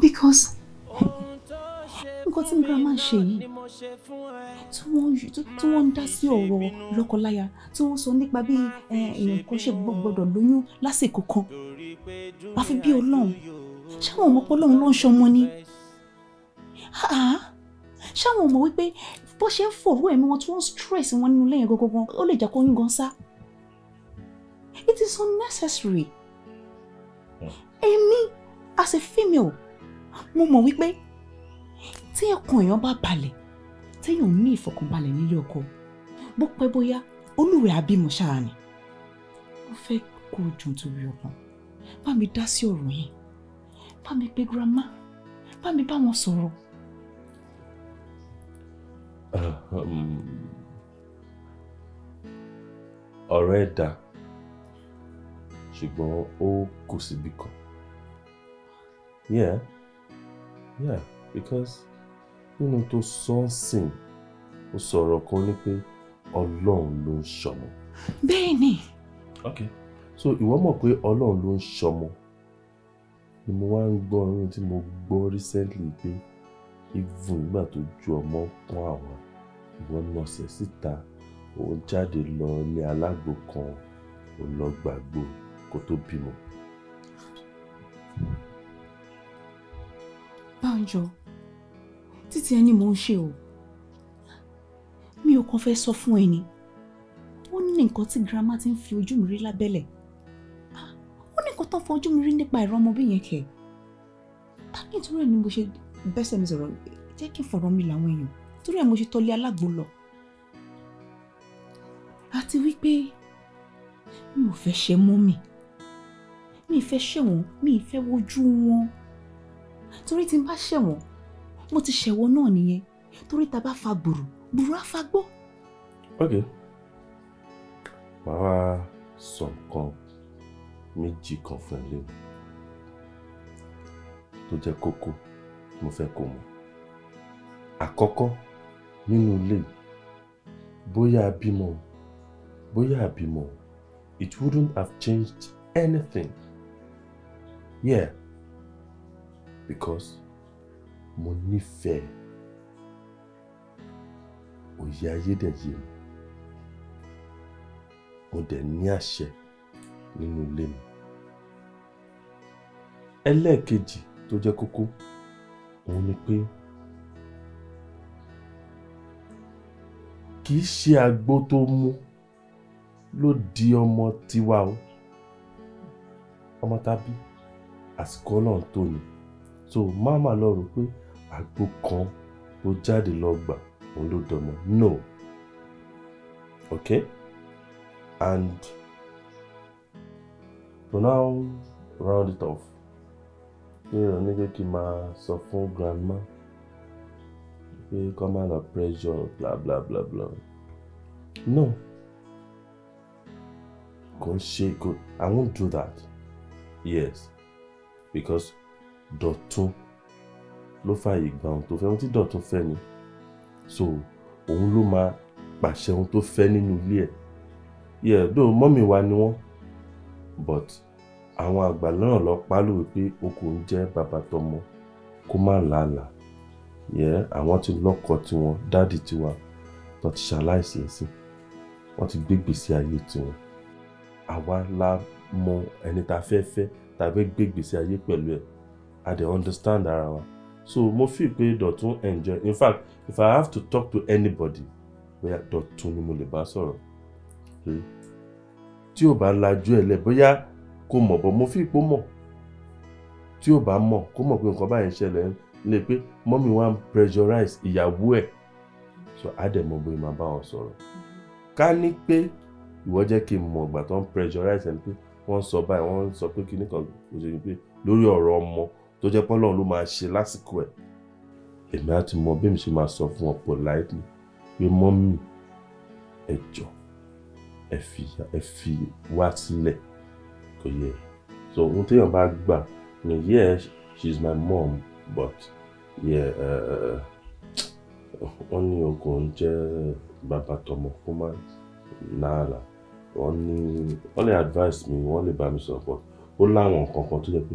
because nǹkan tí grandma ń ṣe yìí tí wọ́n tí wọ́n ń dá sí ọ̀rọ̀ lọ́kọláya tí wọ́n sọ nípa bí èèyàn kan ṣe gbọ́dọ̀ lóyún lásìkò kan àfi bí ọlọ́run ṣáwọn ọmọ ọlọ́run ló ń ṣọmọ ni ṣáwọn ọmọ wípé bó stress wọn nínú lẹ́yìn gangan ó lè it is unnecessary èmi as a female mo mọ̀ wípé tí ẹkùn èèyàn bá balẹ̀ téèyàn ní ìfọ̀kànbalẹ̀ nílé ọkọ bó pẹ́ bóyá olúwẹ̀ abímọ ṣáà ni mo fẹ́ kó o jùn torí ọkàn bá mi dá sí ọ̀rọ̀ yẹn bá mi pe grandma bá mi bá wọn sọ̀rọ̀. ọ̀rọ̀ ẹ̀ dáa ṣùgbọ́n ó kù síbi kan. Yeah. Yeah. Because nínú tó sọ́ọ̀sìn ó sọ̀rọ̀ kan ní pé ọlọ́run ló ń ṣọmọ. bẹ́ẹ̀ ni. ok so ìwọ mọ̀ pé ọlọ́run ló ń ṣọmọ ni mo wá ń gbọ́ orin tí mo gbọ́ recently pé even nígbà tó ju ọmọ pọ́n àwọn ìwọ nọ̀sẹ̀ síta òun jáde lọ ní alágbo kan òun lọ gbàgbó kó tó bímọ. Bánjọ títí ẹni mò ń ṣe o mi ò kàn fẹ́ sọ fún ẹ ni ó ní nǹkan tí girama ti ń fi ojú mi rí lábẹ́lẹ̀ ó ní nǹkan tó ń fi ojú mi rí nípa ìran ọmọ bí yẹn kẹ̀ nítorí ẹ̀ ni mo ṣe bẹ́sẹ̀ mi sọ̀rọ̀ jẹ́ kí n fọ̀rọ̀ mi làwọn èèyàn torí ẹ̀ mo ṣe tọ́lé alágbo lọ àti wípé mi ò fẹ́ ṣe mọ́ mi mi ì fẹ́ ṣẹ̀wọ̀n mi ì fẹ́ wojú wọn torí tí n bá ṣẹ̀wọ̀n mo ti ṣẹ̀wọ̀n náà nìyẹn torí tá a bá fa gbùrù gbùrù á fa gbọ́. ok màá wá sọ nǹkan méjì kan fún ẹ lẹ́nu tó jẹ́ kókó mo fẹ́ kó mọ̀ àkọ́kọ́ nínú ilé bóyá bímọ bóyá bímọ it wouldn't have changed anything yeah because mo nífẹ̀ẹ́ òye ayédèyí mi mo dẹ̀ ní àṣẹ nínú ilé mi ẹlẹ́ẹ̀kejì tó jẹ́ kókó òun ni pé kì í ṣe àgbo tó mu ló di ọmọ tiwa o ọmọ tàbí àsìkò ọlọ́run tó ni so mama lọ rò pé àgbo kan ó jáde lọ gbà òun ló dọmọ no okay and to now round it off pé ìrànlẹ́ pé kí n máa sọ fún grandma pé command of pressure bla bla bla bla no kò ń ṣe kò i won't do that yes because Dọ̀tun ló fa gba ohun tó fẹ́ ohun tí Dọ̀tun fẹ́ ni so òun ló máa pàṣẹ ohun tó fẹ́ nínú ilé ẹ̀ yẹ dó mọ́mì wa ni wọ́n but àwọn àgbà náà lọ pálù wípé okò ń jẹ́ bàbá tọmọ kó má làálàá yẹ àwọn ti lọ́kọ tiwọn dáàdì tiwa tó ti ṣaláìsí ẹ̀sìn wọ́n ti gbé gbèsè ayé tiwọn àwa la mọ ẹni tá a fẹ́ fẹ́ tá a fẹ́ gbé gbèsè ayé pẹ̀lú ẹ̀ a dey understand ara wa so mo feel pé Dọ̀tun enjoy in fact if i have to talk to anybody bóyá Dọ̀tun ni mo lè bá sọ̀rọ̀ hmm. tí ò bá lajú ẹ̀ lẹ̀ bóyá kò mọ̀ bọ́ mo fi ipò mọ̀ tí ò bá mọ̀ kó mọ̀ pé nǹkan báyìí ń ṣẹlẹ̀ lè pé mọ́mí pressurize ìyàwó ẹ̀ so àdẹ̀mọ̀ bóyá máa bá wọn sọ̀rọ̀ ká ní pé ìwọ jẹ́ kí n mọ̀ ìgbà tó ń pressurize ẹni pé wọ́n sọ báyìí wọ́n sọ pé kíní kan kò ṣe pé lórí ọ̀rọ̀ ọmọ tó jẹ́ pọ́lọ́ ló máa ṣe lásìkò ẹ̀ èmi á ti mọ bí mi ṣe máa sọ fún ọ politely pé mọ́mì ẹ ẹ fi wá sílẹ̀ kò yẹ so ohun téèyàn bá gbà ni yes she is my mom but yeah, uh, wọ́n ní ogun jẹ́ bàbá tọmọ kó má nàárà wọ́n ní wọ́n lè advice mi wọ́n lè bá mi sọ̀rọ̀ ó láwọn kankan tó jẹ́ pé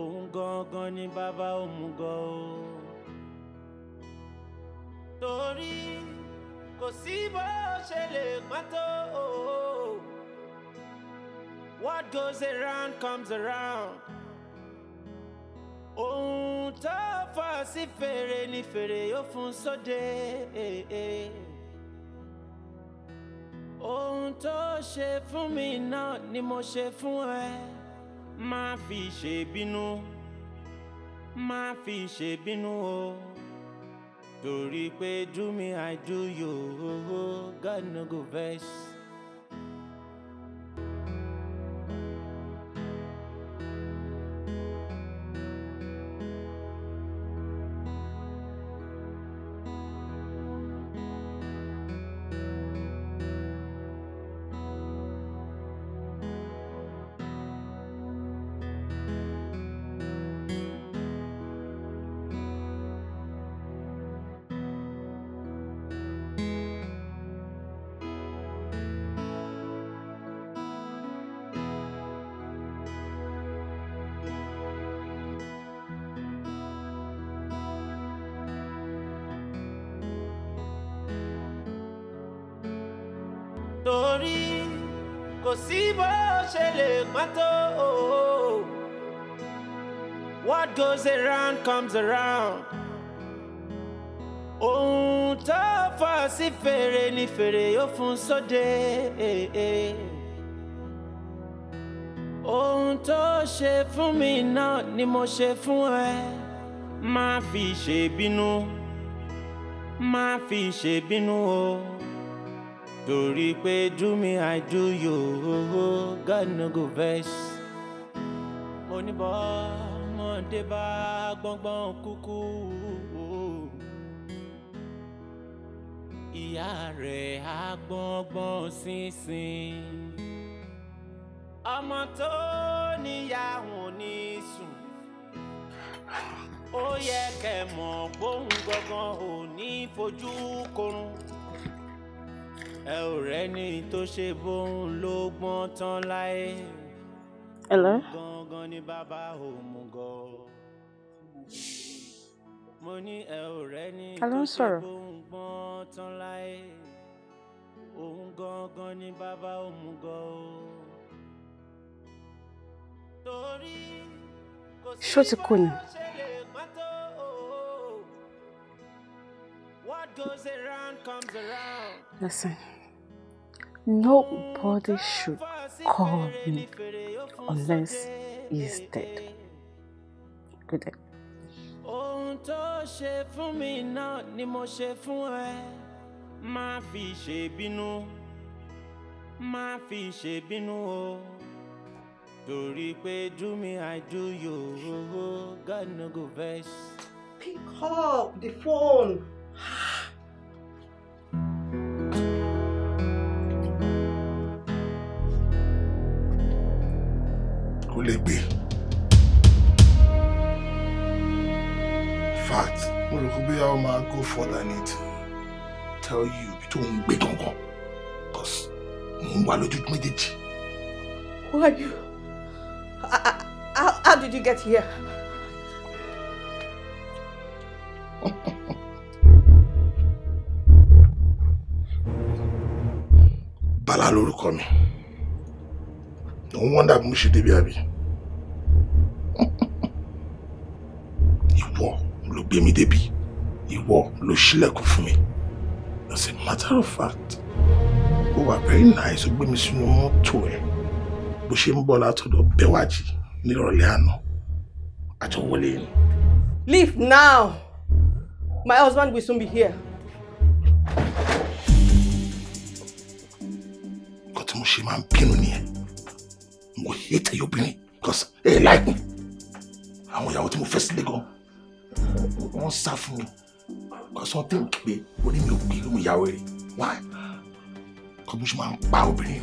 òun ni bàbá òmùgọ̀ o. torí kò sí bó ṣe lè pọ́n what goes around comes around. ohun tó fà sí fèrè ni fèrè yóò fún sóde. ohun tó ṣe fún mi náà ni mo ṣe fún ẹ má fi ṣèbínú má fi ṣèbínú o torí pé do me I do you God no go vex. tomato. Oh. What goes around comes around. Ohun tó fà sí fèrè ni fèrè yóò fún sóde. Ohun tó ṣe fún mi náà ni mo ṣe fún ẹ. Má fi ṣèbínú, má fi ṣèbínú o. Oh torí pé do me i do you ooo god no go vex. oníbọ̀ mọ̀ọ́dé bá gbọ́ngbọ́n kúkú ìyá rẹ̀ á gbọ́ngbọ́n sínsìn. ọmọ tó níyà wọn ní sùn ó yẹ kẹ́ mọ̀ gbóhùn gbọ̀ngàn ò ní fojú korun ẹ ò rẹ́ni tó ṣe bóun ló gbọ́n tán láyé. Hello. gangan ni bàbá òmùgọ̀. mo ní ẹ ò rẹ́ni tó ṣe bóun gbọ́n tán láyé. òun gangan ni bàbá òmùgọ̀. torí kò sí ṣe lè pátó. What goes around comes around. Listen, nobody should call me unless he's dead. Good day. ṣe fún mi náà ni mo ṣe fún ẹ má fi ṣèbínú má fi ṣèbínú o torí pé do me i do you god no go vex. pick up the phone. kó lè gbé fact mo rò pé bóyá ó máa go further in it tell you ibi tó ń gbé gangan because mo ń wà lójú méjèèjì. who are you? I, I, how, how did you get here? Bàlá lórúkọ mi òun wọ́ndà bí mo ṣe débi àbí ìwọ ló gbé mi débi ìwọ ló ṣílẹ̀kùn fún mi as a matter of fact ó wà very nice ó gbé mi sínú mọ́tò ẹ̀ bó ṣe ń bọ̀ látọ̀dọ̀ bẹ́wàjì nírọ̀lẹ́ àná àjọ ni. leave now my husband will soon be here. tí mo ṣe máa ń bínú nìyẹn mo hate ẹ̀yọ́ obìnrin because ẹ̀ láìpẹ́ àwọn ìyàwó tí mo fẹ́ sílé gan wọ́n sá fún mi because wọ́n tẹ̀wé pé orí mi ò gbé lóhùn ìyàwó rẹ̀ why Because mo ṣe máa ń pa obìnrin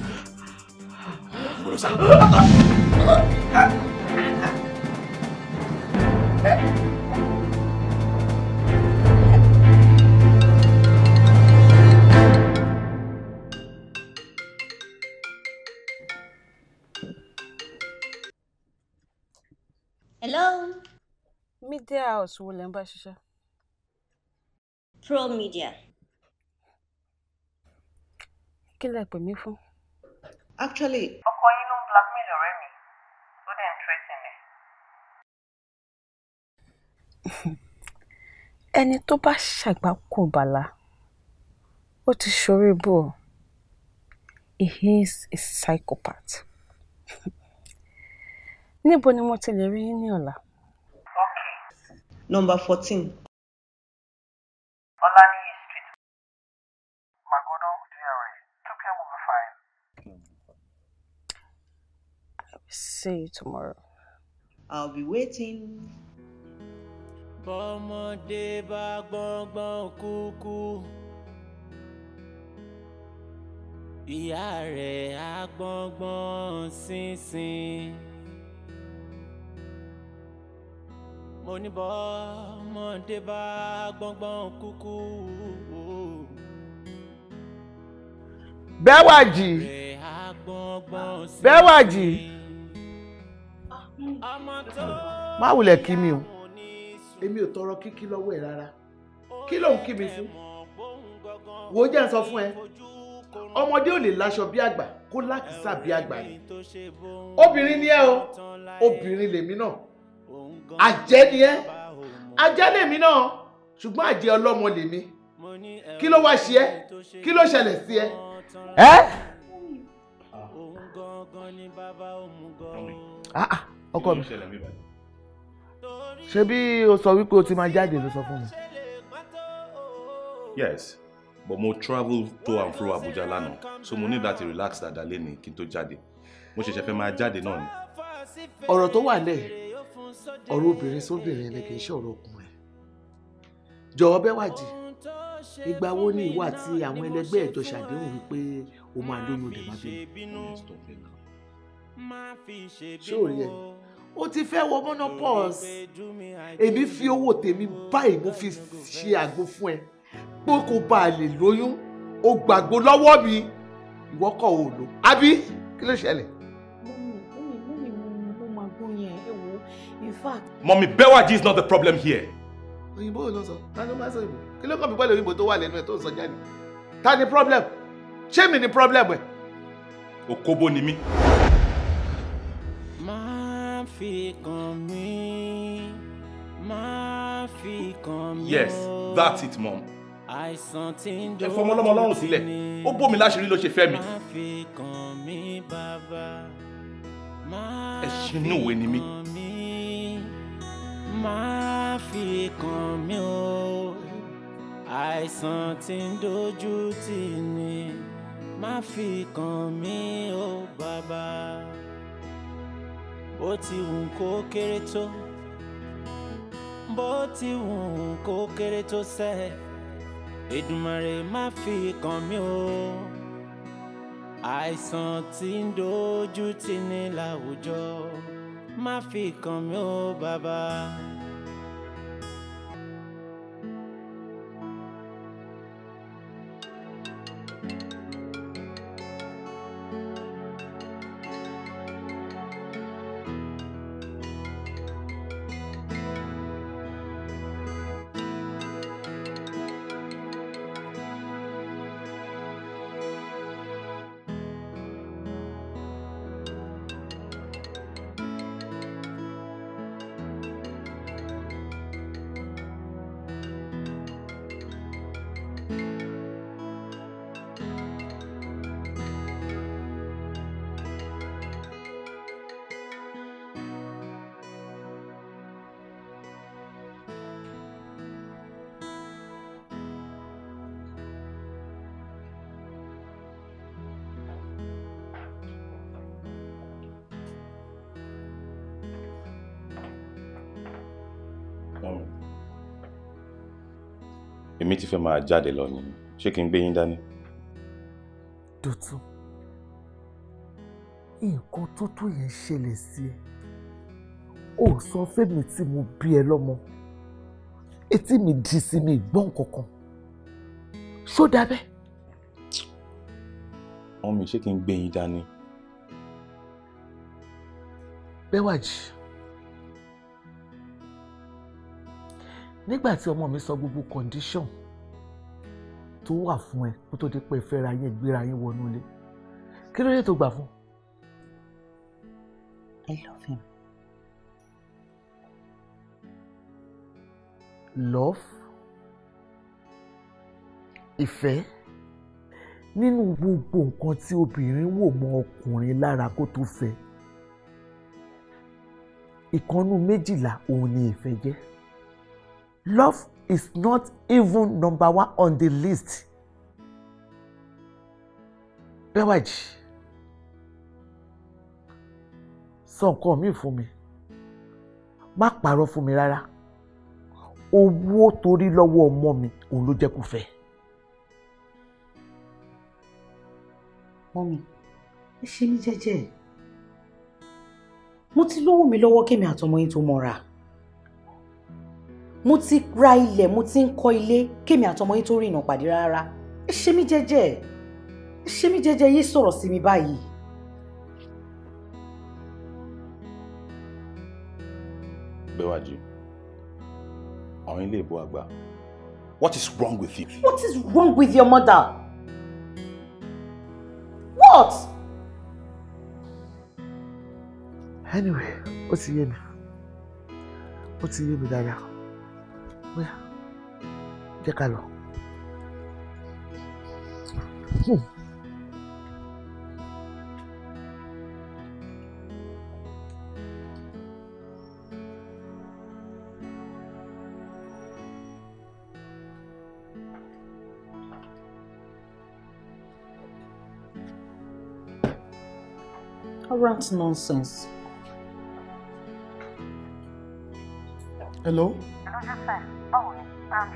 gbọ́dọ̀ sá. house wo lẹ́ ń bá Pro Media. kí lẹ pè mí fún. actually. ọkọ yín ló ń blackmail ọ̀rẹ́ mi ó dẹ̀ ń threaten ẹ̀. ẹni tó bá ṣàgbákò ó ti ṣorí bò ó he is a psychopath níbo ni mo ti lè rí ní ọ̀la number fourteen. Olaniyi Street, Magodo, GRA, 2pm will be fine. See you tomorrow. I'll be waiting. bọ́mọdé bá gbọ́ngbọ́n kúkú ìyá rẹ̀ á gbọ́ngbọ́n sínsìn. mo ní bọ́ mọ́ndé bá gbọ́ngbọ́n kúkú. Bẹ́wàjì Bẹ́wàjì má wulẹ̀ kí mi o èmi ò tọrọ kíkí lọ́wọ́ ẹ̀ rárá kí ló ń kí mi fún wo jẹ́ ń sọ fún ẹ ọmọdé ò lè láṣọ bí àgbà kó lákìsà bí àgbà ni obìnrin ni ẹ o obìnrin lèmi náà àjẹ́ ni ẹ́ àjẹ́ lèmi náà ṣùgbọ́n àjẹ́ ọlọ́mọ lèmi kí ló wá ṣe ẹ́ kí ló ṣẹlẹ̀ sí ẹ. ẹ. Ah, ah, ọkọ mi ṣebí o sọ wípé o ti máa jáde ló sọ fún mi. yes but mo travel to and fro Abuja lánàá so mo ní láti relax dáadáa lẹ́nu kí n tó jáde mo ṣẹ̀ṣẹ̀ fẹ́ máa jáde náà ni. ọ̀rọ̀ tó wà lẹ́yìn ọ̀rọ̀ obìnrin sóbìnrin ni kì í ṣe ọ̀rọ̀ ọkùnrin jọ̀wọ́ Bẹ́wàjì ìgbà wo ni ìwà àti àwọn ẹlẹgbẹ́ ẹ̀jọ ṣàdéhùn wípé o máa lóyún ọdẹ máa bí ṣé ò yẹ o ti fẹ́ wọ monopause èmi fi owó tèmi báyìí mo fi ṣe àgbo fún ẹ pé kò bá a lè lóyún o gbàgbó lọ́wọ́ mi ìwọ kọ̀ ò lò àbí kí ló ṣẹlẹ̀. mo mọ̀ mo mọ̀ mo máa gbóyè ẹ wò in fact. mọ̀mí bẹ́wàjì is not the problem here. òyìnbó ò lọ sọ ta no. máa sọ ìbò kí ló kàn mí pẹ̀lú òyìnbó tó wà lẹ́nu ẹ̀ tó ń sọ ta ni problem ṣé mi ni problem ẹ̀. òkóbó ni mí. máa fi kàn mí máa fi kàn mí. yes that's it mom. àìsàn tí ń dòwò ní ẹ fọmọ ọlọmọ Ọlọ́run sílẹ̀ ó bò mí láṣìírí ló ṣe fẹ́ mi. máa fi kàn mí bàbá. ẹ ṣinú òwe ni mí má fi kàn mí o àìsàn tí ń dojú tì ní má fi kàn mí o bàbá bó ti wù kó kéré tó bó ti wù kó kéré tó sẹ́ Èdùmàrè má fi kàn mí o àìsàn tí ń dojú tì ní láwùjọ má fi kàn mí ó bàbá. èmi ti fẹ́ máa jáde lọ nìyí ṣé kí n gbé yín dání. Dọ̀tun nǹkan tó tó yẹn ṣẹlẹ̀ sí ẹ ò sọ fẹ́mi tí mo bí ẹ lọ́mọ etí mi di sí mi gbọ́n kankan ṣó dábẹ́. wọ́n mi ṣé kí n gbé yín dání. Bẹ́wàjì nígbà tí ọmọ mi sọ gbogbo condition tó wà fún ẹ kó tó di pé fẹ́ra yín gbéra yín wọnú ilé kí ló dé tó gbà fún. I love him. Love ìfẹ́ nínú gbogbo nǹkan tí obìnrin wò mọ ọkùnrin lára kó tó fẹ́ ìkànnù méjìlá òun ni ìfẹ́ jẹ́ love is not even number one on the list. Bẹ́wàjì sọ nǹkan míì fún mi má pààrọ̀ fún mi rárá owó torí lọ́wọ́ ọmọ mi òun ló jẹ́ kó fẹ́. mọ́mi ẹ ṣe ní jẹ́jẹ́ mo ti lówó mi lọ́wọ́ kémi àtọmọ yín tó mọ́ra mo ti ra ilẹ̀ mo ti ń kọ́ ilé kémi àtọmọ yín tó rí ìnà pàdé rárá ẹ ṣe mí jẹ́jẹ́ ẹ ṣe mí jẹ́jẹ́ yé sọ̀rọ̀ sí mi báyìí. Bẹ́wàjì, àwọn ilé ìbò àgbà, what is wrong with you? What is wrong with your mother? What? Anyway, ó ti yé mi, ó ti yé mi dáadáa. Olha. Que calor. Hum. Around nonsense. Hello? Hello,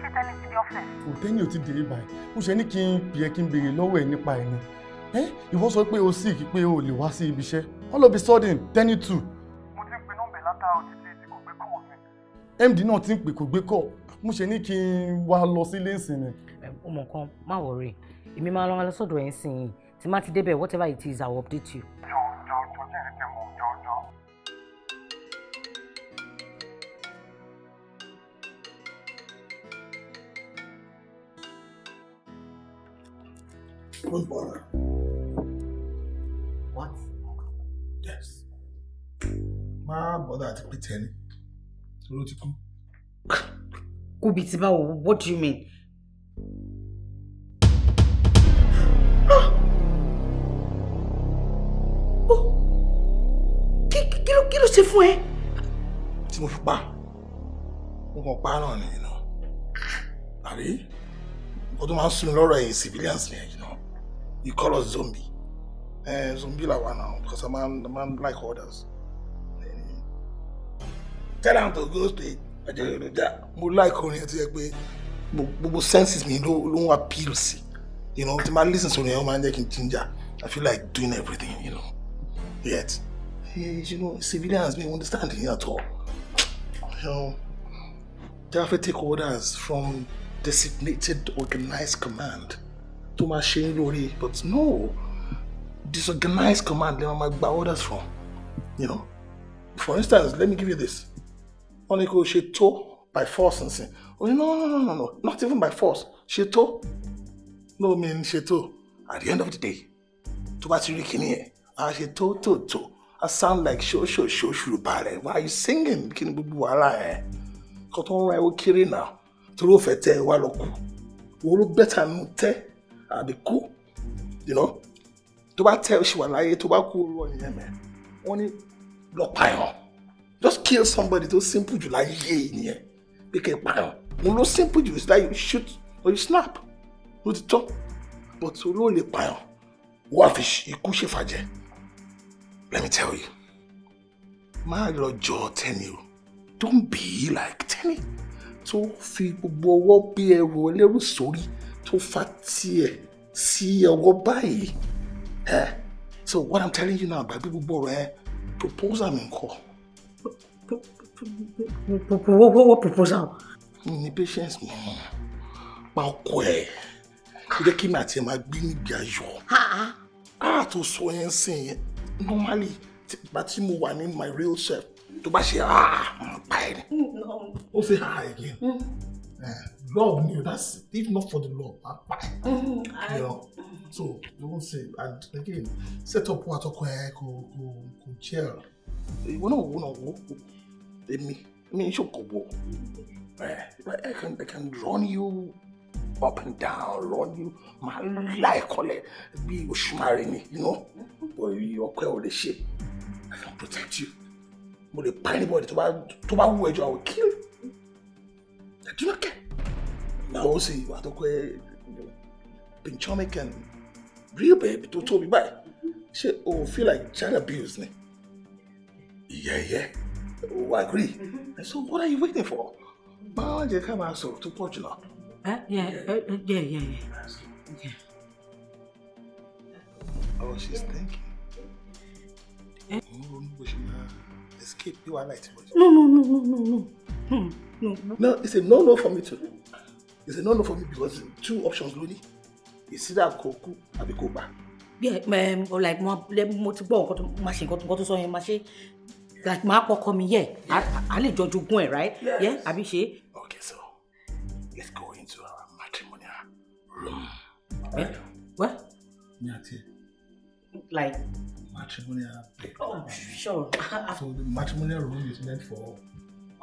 ṣé tẹ́ni ti dé ọ́fẹ́. kò tẹ́ni ò ti dé báyìí ó ṣe ní kí n pè é kí n béèrè lọ́wọ́ ẹ̀ nípa ẹ̀ ni ìwọ sọ pé o sì kí pé o lè wá sí ibi iṣẹ́ all of a sudden tẹ́ni tù. mo ti ń pe nọ́mbẹ̀ látara òtítì tí kò gbé kọ́ mi. md náà ti ń pè kò gbé kọ́ mo ṣe ní kí n wá lọ sílé ìsìn ni. ọmọ kan má wọrí èmi máa lọ́ra lọ́sọ̀dọ̀ ẹ̀ ń sìn yìí tí má ti débẹ̀ whatever it is i will update you. with What? Yes. Má bother àti pretend. Ló ti kú. Kú bí ti báwo, what do you mean? Kí ló ṣe fún ẹ? Tí mo fi pa, mo kàn pa náà nìyẹn náà. Àbí? Nǹkan máa ń sún mi lọ́rọ̀ ẹ̀yìn civilians nìyẹn you call us zombie. Eh, zombie like one now because a man, the man like orders. Tell am to go straight. Mm. I like orin ẹ tó yẹ pé gbogbo senses mi ló ló ń You know, tí máa lis ten sórin ẹ̀ ó máa ń jẹ́ ginger. I feel like doing everything, you know. Yet, eh, you know, civilians may understand it at all. You know, they have to take orders from designated organized command tó máa ṣe é but no disorganized command lè máa gba orders from you know for instance let me give you this wọ́n ní kó ṣe tó by force nsìn o ní no no no no not even by force ṣe tó no mean ṣe tó at the end of the day tó bá ti rí kíní yẹn a ṣe tó tó tó a sound like ṣó ṣó ṣó ṣùrùbà rẹ why are you singing kí ni gbogbo wàhálà yẹn kó tó ń ra ẹwọ́ kiri náà torí òfẹ́ tẹ́ ẹ lọ kú wọ́n ló bẹ́tà nù tẹ́. I'll be cool. You know? Tó bá tẹ́ ṣì wà láyé tó bá kú orú ọ̀nìyàn mẹ́, wọ́n ní lọ pààyàn. Just kill somebody tó simple jù láyé nìyẹn. Bí kẹ́ pààyàn. Mo ló simple jù sí láyé shoot or you snap. Ó ti tọ́. But olóò lè pààyàn. Wọ́n á fi ikú ṣèfàjẹ́. Let me tell you. Má lọ jọ tẹ́ni o. Don't be like tẹ́ni. Tó fi gbogbo ọwọ́ bí ẹrù ẹlẹ́rù sórí tó fa tiẹ̀ sí ọwọ́ báyìí so what i'm telling you now àgbàgbé gbogbo ọ̀rọ̀ ẹ proposal mi nkọ. what proposal. ní patience mi pa ọkọ ẹ ó jẹ́ kí mi àti ẹ̀ máa gbé níbi ayọ̀ á tó sọ yẹn sìn normally but tí mo wà ní my real self To bá ṣe ah pa ẹ̀ No, ó ṣe ah again. Mm love knew that's if not for the love ah, mm-hmm. you know so you won't say and again set up what ọkọ ẹ You know, you know, ìwọ me. wò náà wò èmi èmi ìṣòkòwò eh, I can I can run you up and down run you my life, call it. Be you marry me, you know but ọkọ ẹ ò the ṣe I can protect you But lè pa anybody tó bá tó bá I will kill I do not care. Naosi ìwà tó pé pinchomic and real babe tó tóbi báyìí ṣé o feel like child abuse ni? Ìyẹ́ ìyẹ́ o agree mm-hmm. so what are you waiting for? Máa jẹ́ ká máa sọ̀rọ̀ tó pọ̀ jùlọ. Ẹ yẹ ẹ yẹ yẹ yẹ. Oh, she's thinking. Eh? Oh, escape you are light. No, no, no, no, no, no. No, hmm, no. No, it's a no, no for me too it's a no no for me because two options ló ní ìsídà kò kú àbí kò gbà. bí ẹ ọ um, like mo mo ti gbọ́ nǹkan tó máa ṣe nǹkan to sọ yẹn máa ṣe like máa kọkọ mi yẹ a lè jọ jogún ẹ right yẹ àbí ṣe. okay so let's go into our matrimonial room. ẹ eh? What? mi like. matrimonial bed. oh sure. so the matrimonial room is meant for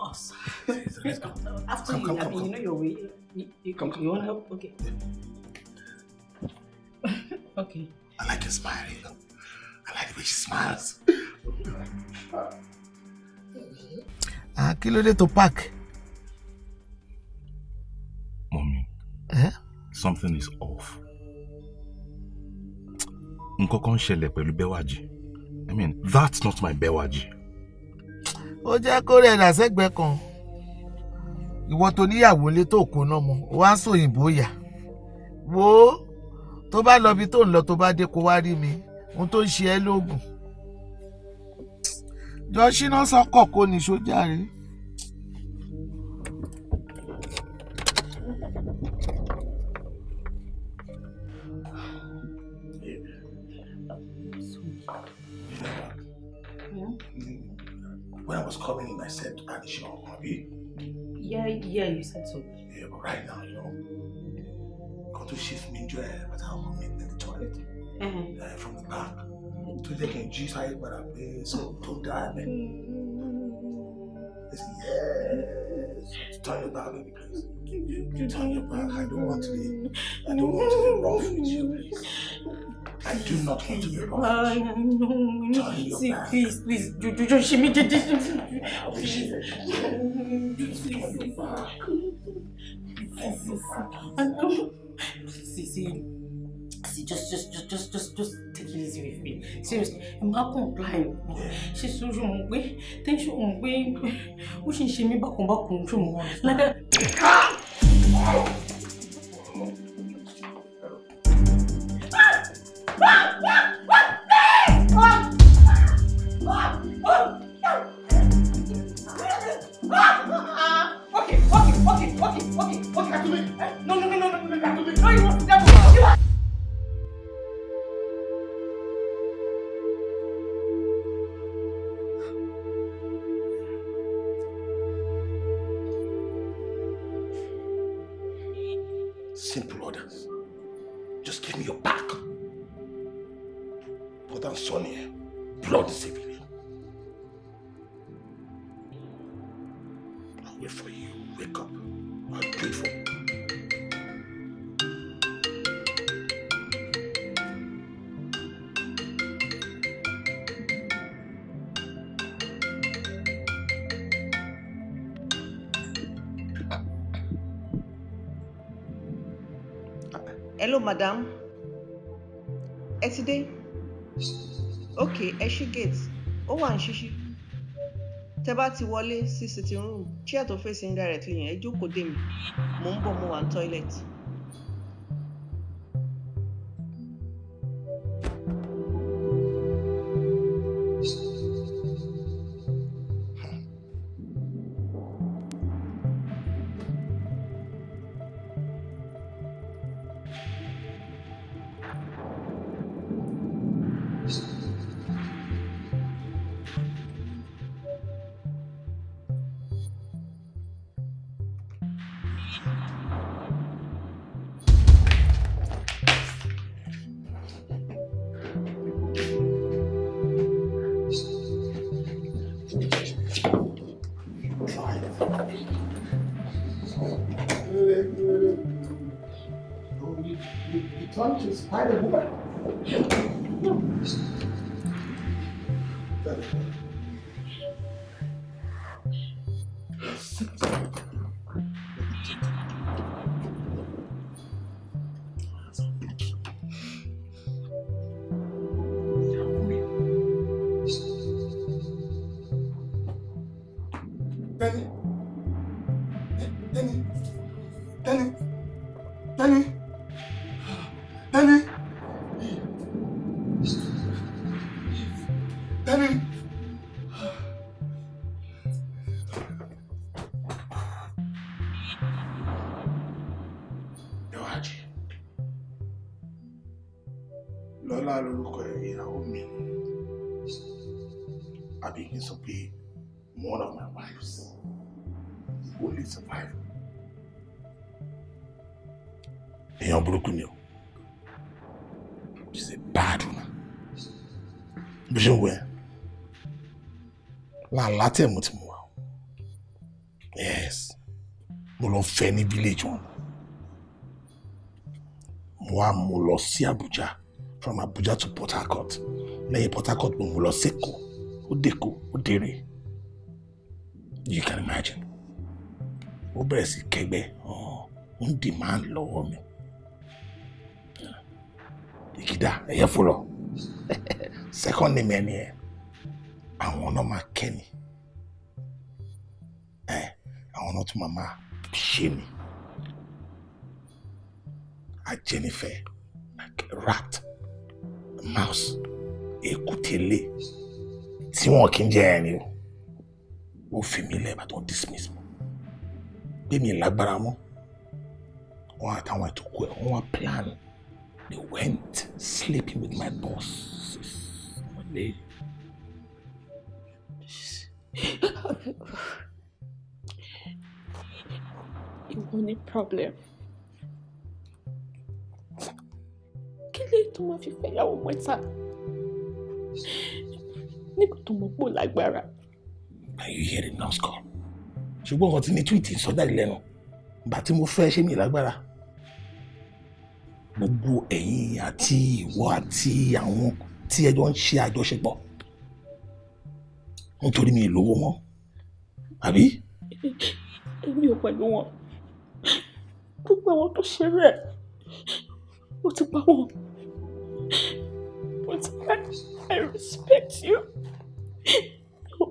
us. us. so let's go. after come, you come, I come, you know your way. You, come, come. You want help? Okay. okay. I like your smile, you know. I like the way she smiles. Ah, kí ló dé tó park. Mommy. Eh? Something is off. Nǹkan kan ṣẹlẹ̀ pẹ̀lú I mean, that's not my Bẹ́wàjì. Ó jẹ́ kó rẹ̀ dà sẹ́gbẹ̀ẹ́ ìwọ tó níyàwó lé tó kó náà mọ wá sòyìnbó yà wo tó bá lọ bí tó ń lọ tó bá dé kó wá rí mi ohun tó ń ṣe ẹ́ lóògùn jọ ṣínà sọkọ kó ní sójà rèé. when I was coming in, I said, Anisha, Mabi, Yeah, yeah, you said so. Yeah, but right now, you know, go to shift me enjoy but I will meet in the toilet. Mm -hmm. uh, from the back. To take can side, but I am eh, so don't die, man. Mm-hmm yes. Tell your dad, baby, please. Tell your back. I don't want to be, I don't want to be rough with you, please. I do not want to be rough with you. No, no, See, back. please, please, do, do, do, she me did this. Tell your back. Tell your back. Um, see, see. easy. Just, just, just, just, just, just take it easy with me. Seriously, I'm not complying. She's so wrong. Then she won't wait. Who should she me back on back on? Like that. ẹ gate ó wà ní ṣíṣí tẹ bá ti wọlé sí sitting room chair tó fèsì indirectly yẹn ẹ jókòó dè mí mò ń mo wà toilet. èèyàn burúkú ni o she's a bad woman bí ṣe ń wẹ láàlá mo ti mú wa yes mo lọ fẹ́ ní village wọn mo wá mo lọ sí Abuja from Abuja to Port Harcourt lẹ́yìn Port Harcourt mo lọ sẹ́kọ̀ọ́ ó dẹ́kọ̀ọ́ ó dèrè you can imagine ó bẹ̀rẹ̀ sí kẹgbẹ́ ó ń demand lọ́wọ́ mi ìkìdá ẹ̀yẹ fúlọ̀ second name ẹni ẹ àwọn náà máa kẹ́ mi ẹ àwọn náà tún máa máa ṣe mi ajẹnifẹ rat mouse èkútélé tí wọn kì í jẹ ẹni o ó fi mí lẹ́ẹ̀bà tó dismiss mi gbé mi lágbára mọ́ wọn àtàwọn ètò kú ẹ wọn wá plan. They went sleeping with my boss. You Ìwọ ní problem. Kill Kí lè tó máa fi fẹ́yàwó mẹ́ta? Nígbà tó mọ̀ pò lágbára. Now you hear the nurse call. Ṣùgbọ́n ọ̀tí ni túwìtì sọ́jà ìlẹ́nu. Bàtí mo fẹ́ me like lágbára gbogbo ẹ̀yin àti ìwọ àti àwọn tí ẹjọ́ ń ṣe àjọṣepọ̀ nítorí mi lówó wọn àbí. èmi ò pẹ̀lú wọn gbogbo àwọn tó ṣe rẹ̀ mo ti pa wọn mo ti pa I respect you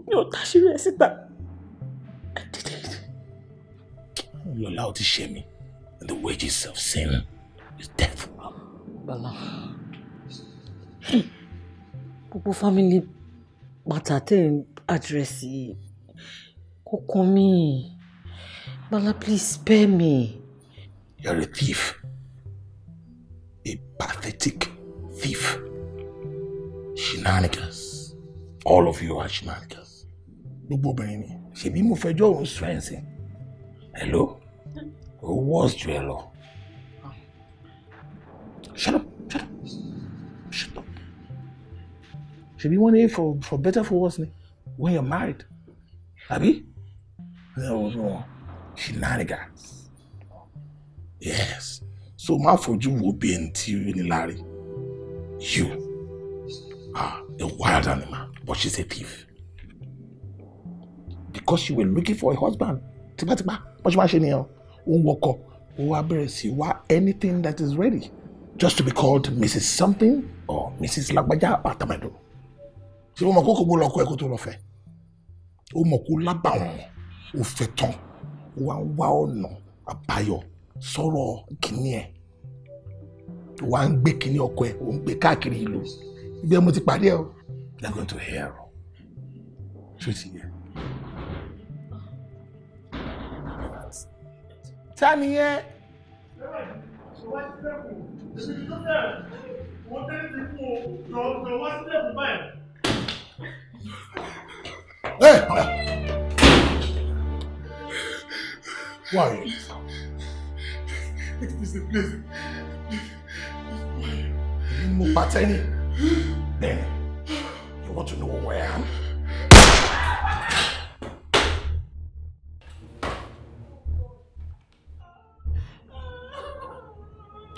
mi ò táṣírí ẹ síta I did it. Yọ̀lá ò ti ṣe mi and the wages of sin. Mm death Bala. Gbogbo family bàtà tẹ̀ àdírẹ́sì Bala, please spare me. You're a thief. A pathetic thief. Shenanigans. All of you are shenanigans. Gbogbo obìnrin ni. Ṣèbí mo fẹjọ́ òun sùn ẹ̀ Hello? Ó wọ́ọ̀sì jù Shut up, shut up, shut up. Ṣebí wọ́n ní for for better for worse ni when you're married. Abby? Àbí? Shenanigans. Yes. So my for you will be tí ó ní láàrin. You are a wild animal, but she's a thief. Because you were looking for a husband. Tiba, tiba. What you ṣe nìyẹn o. Ó ń wọkọ̀, ó wá anything that is ready just to be called Mrs. something or Mrs. Lagbaja Atamado ṣé o mọ̀ kó kògbó lọ́kọ ẹ̀ kó tó lọ fẹ́ o mọ̀ kó lábàwọ̀n o fẹ́ tán o wá ń wá ọ̀nà àbáyọ sọ̀rọ̀ kìíní ẹ̀ o wá ń gbé kìíní ọkọ ẹ̀ o ń gbé káàkiri ìlú ibi ẹ̀ mo ti pàdé ẹ̀ o they are going to hear o ṣé o ti yẹ. ta ni yẹn. Hey. Why? Take this in place. Mo you want to know where I am?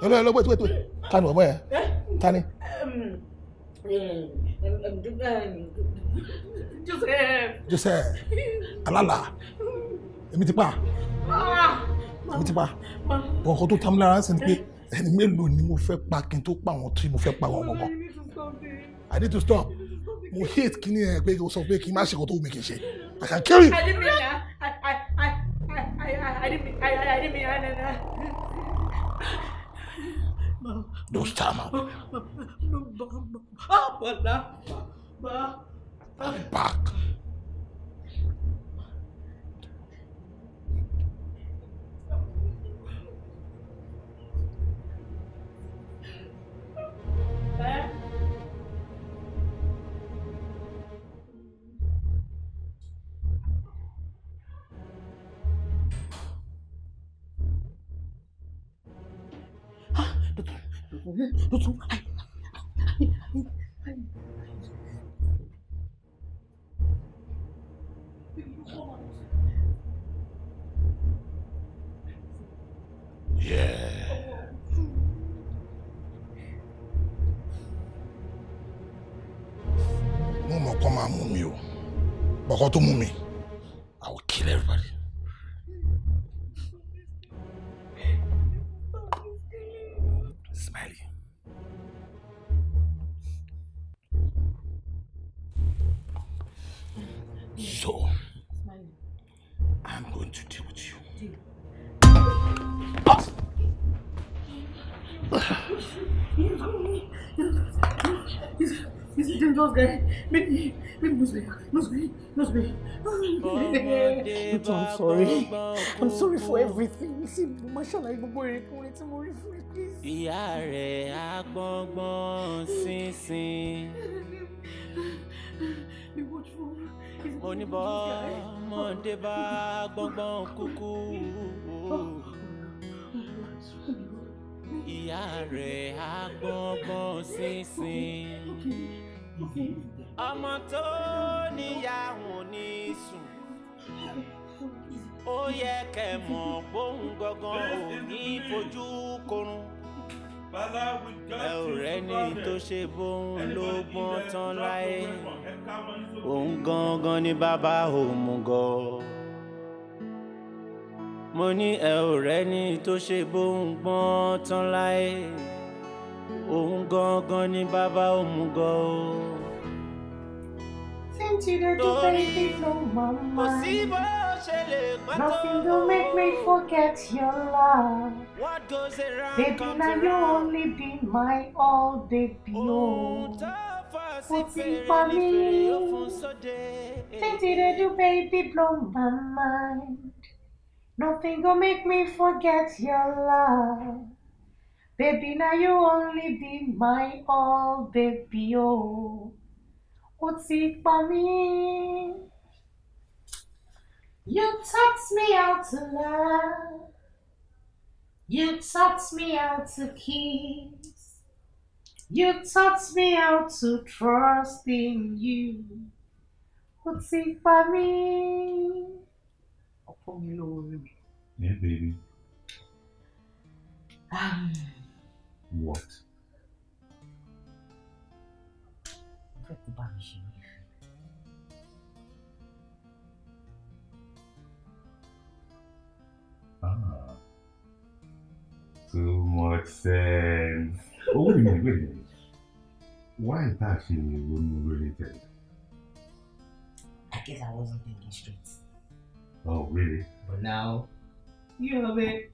ẹlọ ẹlọ wait wait wait tani ọmọ yẹn eh? tani. Um, um, um, Joseph. Joseph alala èmi ti pa ah, èmi ti pa ọkọ tó tam lára sí ni pé ẹni mélòó ni mo fẹ́ pa kí n tó pa àwọn tí mo fẹ́ pa wọn gbọ̀ngàn I need to stop mo hate kí ni ẹ pé o sọ pé kí n má ṣe kó tó wù mí kì í ṣe I can kill you. I didn't mean that. Dusta mau. Apalah, ba. Pak. Thank eh? Lutun. between those guys make make Musbe Musbe Musbe. But I'm sorry. I'm sorry for everything. See, Mama ṣàlàyé gbogbo ìrìnkúnrin tí mo rí fún please. Ìyá rẹ̀ á gbọ́ngbọ́n sínsìn. Oníbọ̀ ọmọdé bá gbọ́ngbọ́n kúkú. Ìyá rẹ̀ á gbọ́ngbọ́n sínsìn ọmọ tó níyàwó ní sùn ó yẹ kẹ́ mọ̀ gbóhùn gangan ò ní fojú korun ẹ ò rẹ́ni tó ṣe bóun ló gbọ́n tán láyé òun gangan ni bàbá òmùgọ̀ mo ní ẹ ò rẹ́ni tó ṣe bóun gbọ́n tán láyé òun gangan ni bàbá òmùgọ̀ o. sensitive to anything on oh, my mind. Nothing to make me forget your love. Baby, now you only be my all, baby. Oh, ó ti pa mí. Things you, do, baby, blow my mind. Nothing going make me forget your love. Baby, now you only be my all, baby, oh seat me. You taught me how to love. You taught me how to kiss. You taught me how to trust in you. What's it for me. for you, Lord. Yeah, baby. Um, what? Fẹ́ kó too much sense. oh, wait a minute, wait a minute. Why is that feeling really related? I guess I wasn't thinking straight. Oh, really? But now, you have it.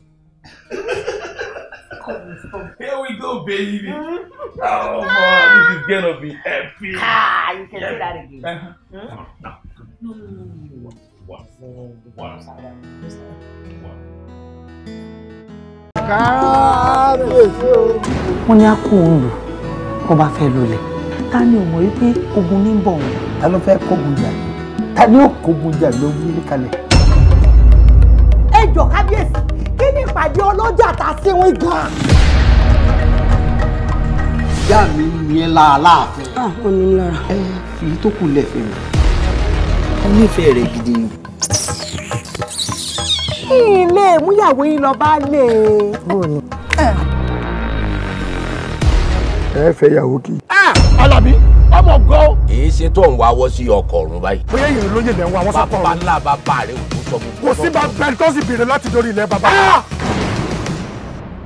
Here we go, baby. Mm-hmm. oh, ah! my, this is gonna be epic. Ah, you can epic. do that again. Uh-huh. No, no, no. No, no, no, no. kábíyèsí o. wọ́n ní á kó òun lò kó bá fẹ́ lulẹ̀ ta ni ò mọ̀ wípé ogun ní bọ̀ wọ́n. ta ló fẹ́ kógun jà ta ni ó kógun jà ló kalẹ̀. ẹ jọ kábíyèsí kí ni ìpàdé ọlọ́jà ta sí wọn gan. ìyá mi ni ẹ láàláàfin. ah wọn ni lára. ẹ fi tó kù lẹ mi. ẹ nífẹ̀ẹ́ rẹ gidi ni ilé múyàwó yín lọ bá lè. Eh. ẹ fẹ́ yàwó kí. Ah, alábí ọmọ gan. èyí ṣe tó ń wá wọ́ sí ọkọ̀ ọ̀run báyìí. bóyá ìrìn ló yẹ ń wá wọ́ sọ́kọ̀ ọ̀run. bàbá ńlá bàbá rẹ̀ òkú sọ fún kò sí bàbá ẹni tó sì béèrè láti dórí ilẹ̀ bàbá. Ah!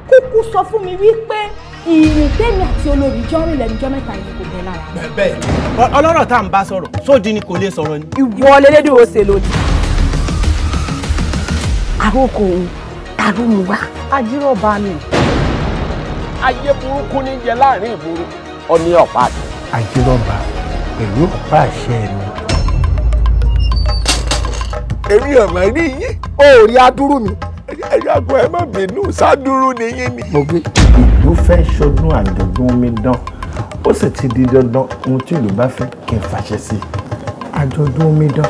kúkú sọ fún mi wípé ìrìn tèmi àti olórí jọrìn lẹnu jọ mẹ́ta yìí kò bẹ lára. bẹ́ẹ̀ ọlọ́rọ̀ tá à ń bá sọ̀rọ̀ sódì ni kò lè sọ̀rọ̀ ni. ìwọ lélẹ́dẹ̀ ó ṣe lónìí àròkọ òun tàbí mu wá. ajírọ̀bá ni. ayé burúkú ní jẹ láàrin ìgboro ọní ọ̀pá àṣẹ. ajírọ̀bá pẹ̀lú ọ̀pá àṣẹ mi. èmi ọ̀mọ̀ rí yín ó rí adúrú mi ẹ̀yàgò ẹ̀ má bínú sádúró ni yín ni. mo gbé ìlú fẹ́ ṣọdún àjọ̀dún omi dán ó sì ti di dandan ohun tí ìlú bá fẹ́ kí n sí àjọ̀dún omi dán.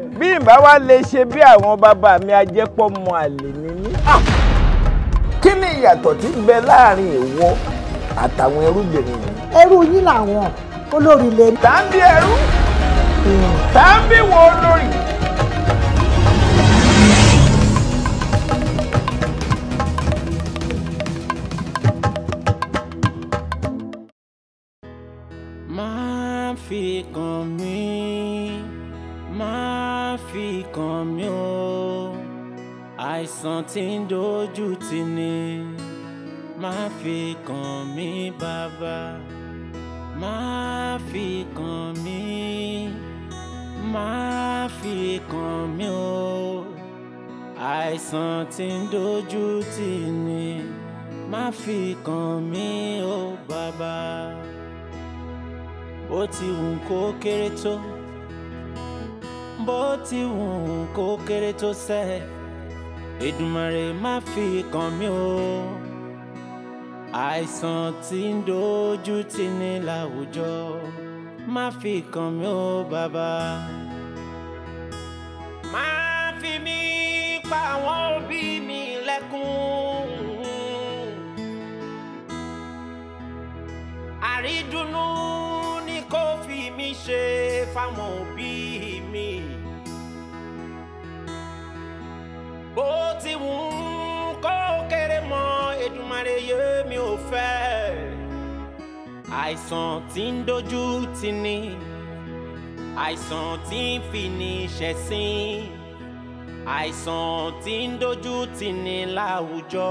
bí ìbá wa lè ṣe bí àwọn bàbá mi ajẹ́pọ̀ mọ àlè ní ah! kí ni ìyàtọ̀ tí ń bẹ láàrin ìwọ àtàwọn ẹrúbìnrin yìí. ẹrú yín làwọn olórí lè. tá ẹrú tá ń wo olórí. Máa fi kàn mí. àìsàn tí ń dojú tì ní má fi kàn mí bàbá má fi kàn mí má fi kàn mí o àìsàn tí ń dojú tì ní má fi kàn mí o bàbá bó ti wù kó kéré tó bó ti wù kó kéré tó sẹ́ẹ̀. Èdùmàrè má fi kàn mí o àìsàn tí ń dojú tì ní láwùjọ má fi kàn mí o bàbá. má fi mí pa àwọn òbí mi lẹ́kún. àrídùnnú ni kò fi mí ṣe fáwọn òbí mi. bó ti wù ú kó kéré mọ́ Èdùmàrè yé mi ò fẹ́ àìsàn tí ń dojú ti ní àìsàn tí ń fi ní ṣẹ̀sín àìsàn tí ń dojú ti ní láwùjọ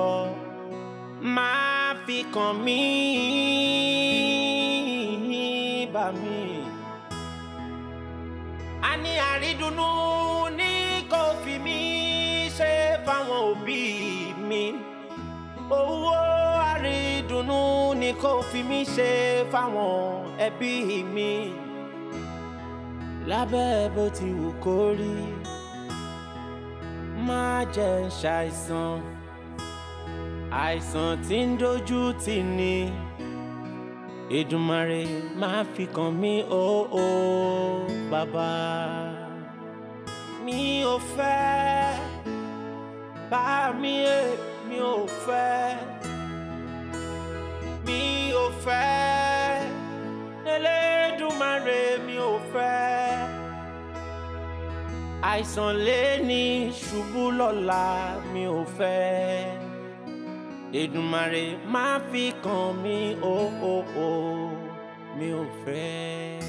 máa fi kàn mí bá mi. a ní àrídùnnú ní kò fi mí ṣe fáwọn òbí mi owó àrídùnnú ni kò fi mí ṣe fáwọn ẹbí mi lábẹ́ bó ti wù kó rí má jẹ́ ṣàìsàn àìsàn tí ń dojú tì ní edumare má fi kàn mí o o bàbá mi ò fẹ́ bá mi ẹ e, mi ò fẹ́ mi ò fẹ́ Elédùmarè mi ò fẹ́ àìsàn lẹ́ni ṣubú lọ́la mi ò fẹ́ Èdùmarè má fi kàn mí o o o mi ò fẹ́.